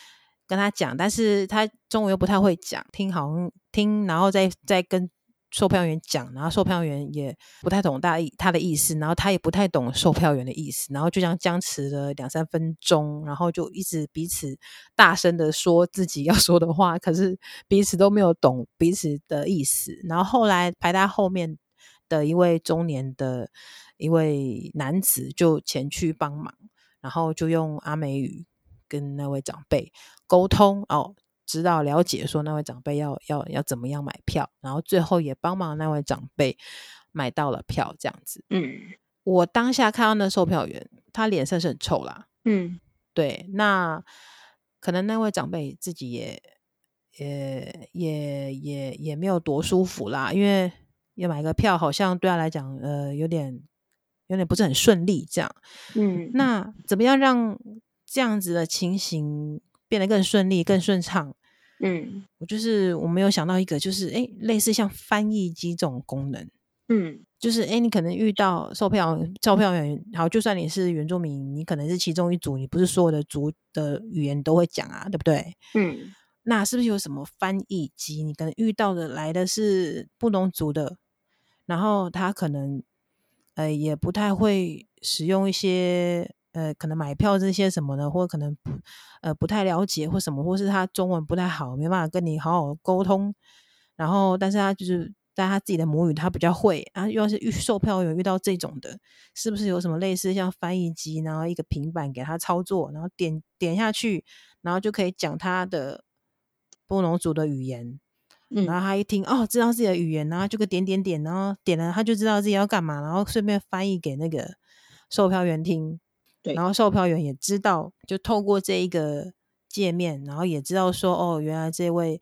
跟他講，但是他中文又不太會講，聽好像聽，然後再再跟。售票員講，然後售票員也不太懂大意他的意思，然後他也不太懂售票員的意思，然後就這樣僵持了兩三分鐘，然後就一直彼此大聲的說自己要說的話，可是彼此都沒有懂彼此的意思。然後後來排他後面的一位中年的一位男子就前去幫忙，然後就用阿美語跟那位長輩溝通哦。知道、了解說那位長輩要要要怎麼樣買票，然後最後也幫忙那位長輩買到了票，這樣子。嗯，我當下看到那售票員，他臉色是很臭啦。嗯，對，那可能那位長輩自己也也也也也，也沒有多舒服啦，因為要買個票，好像對他來講，呃，有點有點不是很順利，這樣。嗯，那怎麼樣讓這樣子的情形變得更順利、更順暢？嗯，我就是我沒有想到一個，就是哎、欸，類似像翻譯機這種功能，嗯，就是哎、欸，你可能遇到售票售票員，好，就算你是原住民，你可能是其中一族，你不是所有的族的語言都會講啊，對不對？嗯，那是不是有什麼翻譯機？你可能遇到的來的是不同族的，然後他可能誒、呃、也不太會使用一些。呃，可能買票這些什麼的，或可能不呃不太了解，或什麼，或是他中文不太好，沒辦法跟你好好溝通。然後，但是他就是但他自己的母語他比較會啊。又要是售票員遇到這種的，是不是有什麼類似像翻譯機，然後一個平板給他操作，然後點點下去，然後就可以講他的布農族的語言，嗯。然後他一聽哦，知道自己的語言，然後就個點點點，然後點了他就知道自己要幹嘛，然後順便翻譯給那個售票員聽。然後售票員也知道，就透過這一個界面，然後也知道說，哦，原來這位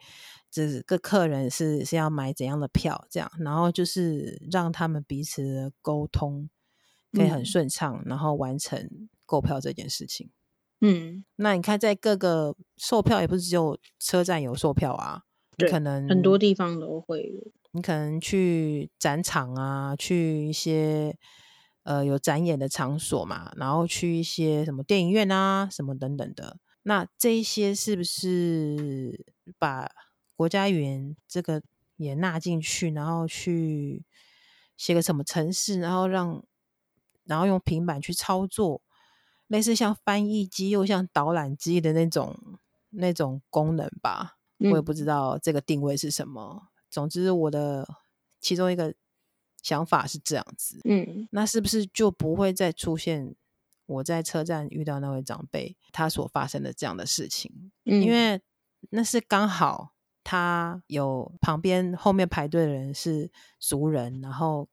這個客人是是要買怎樣的票，這樣，然後就是讓他們彼此溝通可以很順暢，嗯，然後完成購票這件事情。嗯，那你看，在各個售票也不是只有車站有售票啊，對，你可能很多地方都會你可能去展場啊，去一些。呃，有展演的場所嘛，然後去一些什麼電影院啊，什麼等等的。那這些是不是把國家語言這個也納進去，然後去寫個什麼程式，然後讓然後用平板去操作，類似像翻譯機又像導覽機的那種那種功能吧？嗯。我也不知道這個定位是什麼。總之，我的其中一個。想法是這樣子，嗯，那是不是就不會再出現我在車站遇到那位長輩他所發生的這樣的事情？嗯、因為那是剛好他有旁邊後面排隊的人是熟人，然後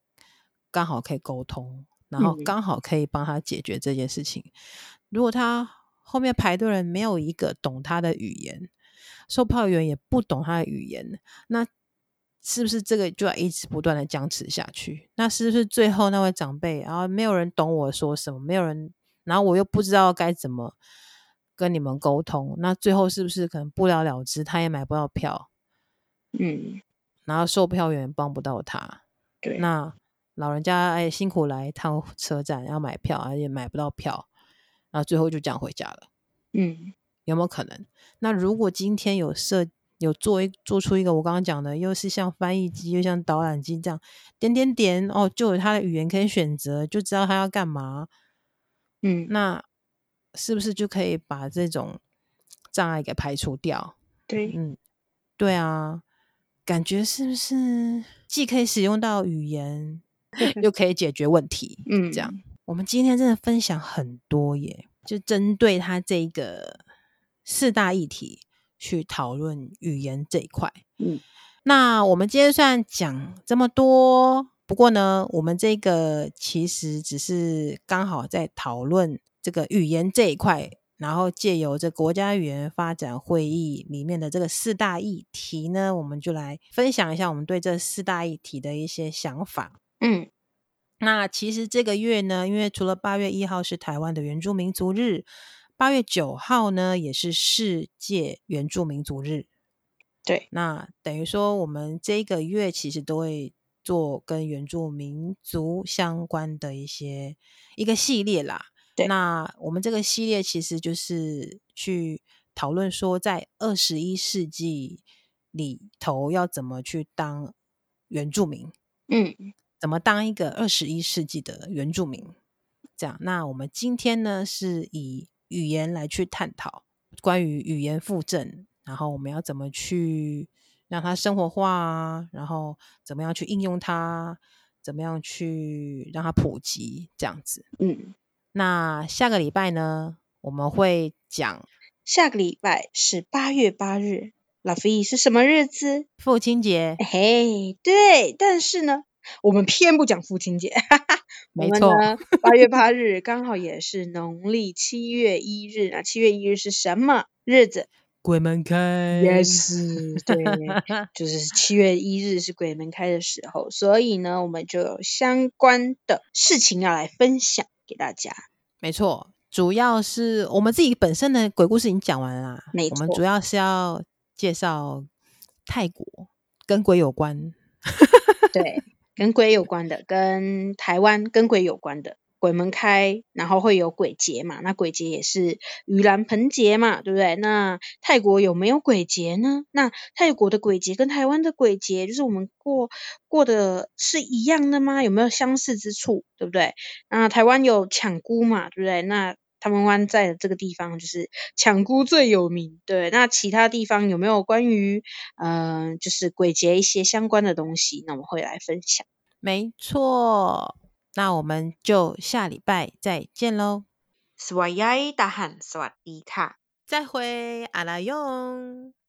剛好可以溝通，然後剛好可以幫他解決這件事情。嗯、如果他後面排隊的人沒有一個懂他的語言，售票員也不懂他的語言，那。是不是這個就要一直不斷的僵持下去？那是不是最後那位長輩，啊，然後沒有人懂我說什麼，沒有人，然後我又不知道該怎麼跟你們溝通，那最後是不是可能不了了之？他也買不到票，嗯，然後售票員幫不到他，對，那老人家哎辛苦來一趟車站要買票，啊，而且買不到票，然後最後就這樣回家了，嗯，有沒有可能？那如果今天有設，有做一做出一個我剛剛講的，又是像翻譯機又像導覽機這樣，點點點哦，就有它的語言可以選擇，就知道它要幹嘛。嗯，那是不是就可以把這種障礙給排除掉？對，嗯，對啊，感覺是不是既可以使用到語言， 又可以解決問題？嗯，這樣我們今天真的分享很多耶，就針對它這個四大議題。去討論語言這一塊，嗯，那我們今天算講這麼多，不過呢，我們這個其實只是剛好在討論這個語言這一塊，然後借由這國家語言發展會議裡面的這個四大議題呢，我們就來分享一下我們對這四大議題的一些想法，嗯，那其實這個月呢，因為除了八月一號是台灣的原住民族日。八月九號呢，也是世界原住民族日，對。那等於說，我們這一個月其實都會做跟原住民族相關的一些一個系列啦。對。那我們這個系列其實就是去討論說，在二十一世紀裡頭要怎麼去當原住民，嗯，怎麼當一個二十一世紀的原住民。這樣。那我們今天呢，是以語言來去探討關於語言復振，然後我們要怎麼去讓它生活化啊？然後怎麼樣去應用它？怎麼樣去讓它普及？這樣子，嗯，那下個禮拜呢，我們會講。下個禮拜是八月八日，Lafii 是什麼日子？父親節。嘿、hey，對，但是呢。我們偏不講父親節， 沒錯。八 月八日 剛好也是農曆七月一日，那、啊、七月一日是什麼日子？鬼門開。Yes，對， 就是七月一日是鬼門開的時候，所以呢，我們就有相關的事情要來分享給大家。沒錯，主要是我們自己本身的鬼故事已經講完了，沒錯。我們主要是要介紹泰國跟鬼有關， 對。跟鬼有關的，跟台灣跟鬼有關的，鬼門開，然後會有鬼節嘛？那鬼節也是盂蘭盆節嘛，對不對？那泰國有沒有鬼節呢？那泰國的鬼節跟台灣的鬼節，就是我們過過的是一樣的嗎？有沒有相似之處，對不對？那台灣有搶孤嘛，對不對？那他們灣在的這個地方就是搶孤最有名，對。那其他地方有沒有關於，呃，就是鬼節一些相關的東西？那我們會來分享。沒錯，那我們就下禮拜再見嘍。Swayay dahan Swadika，再會阿拉勇。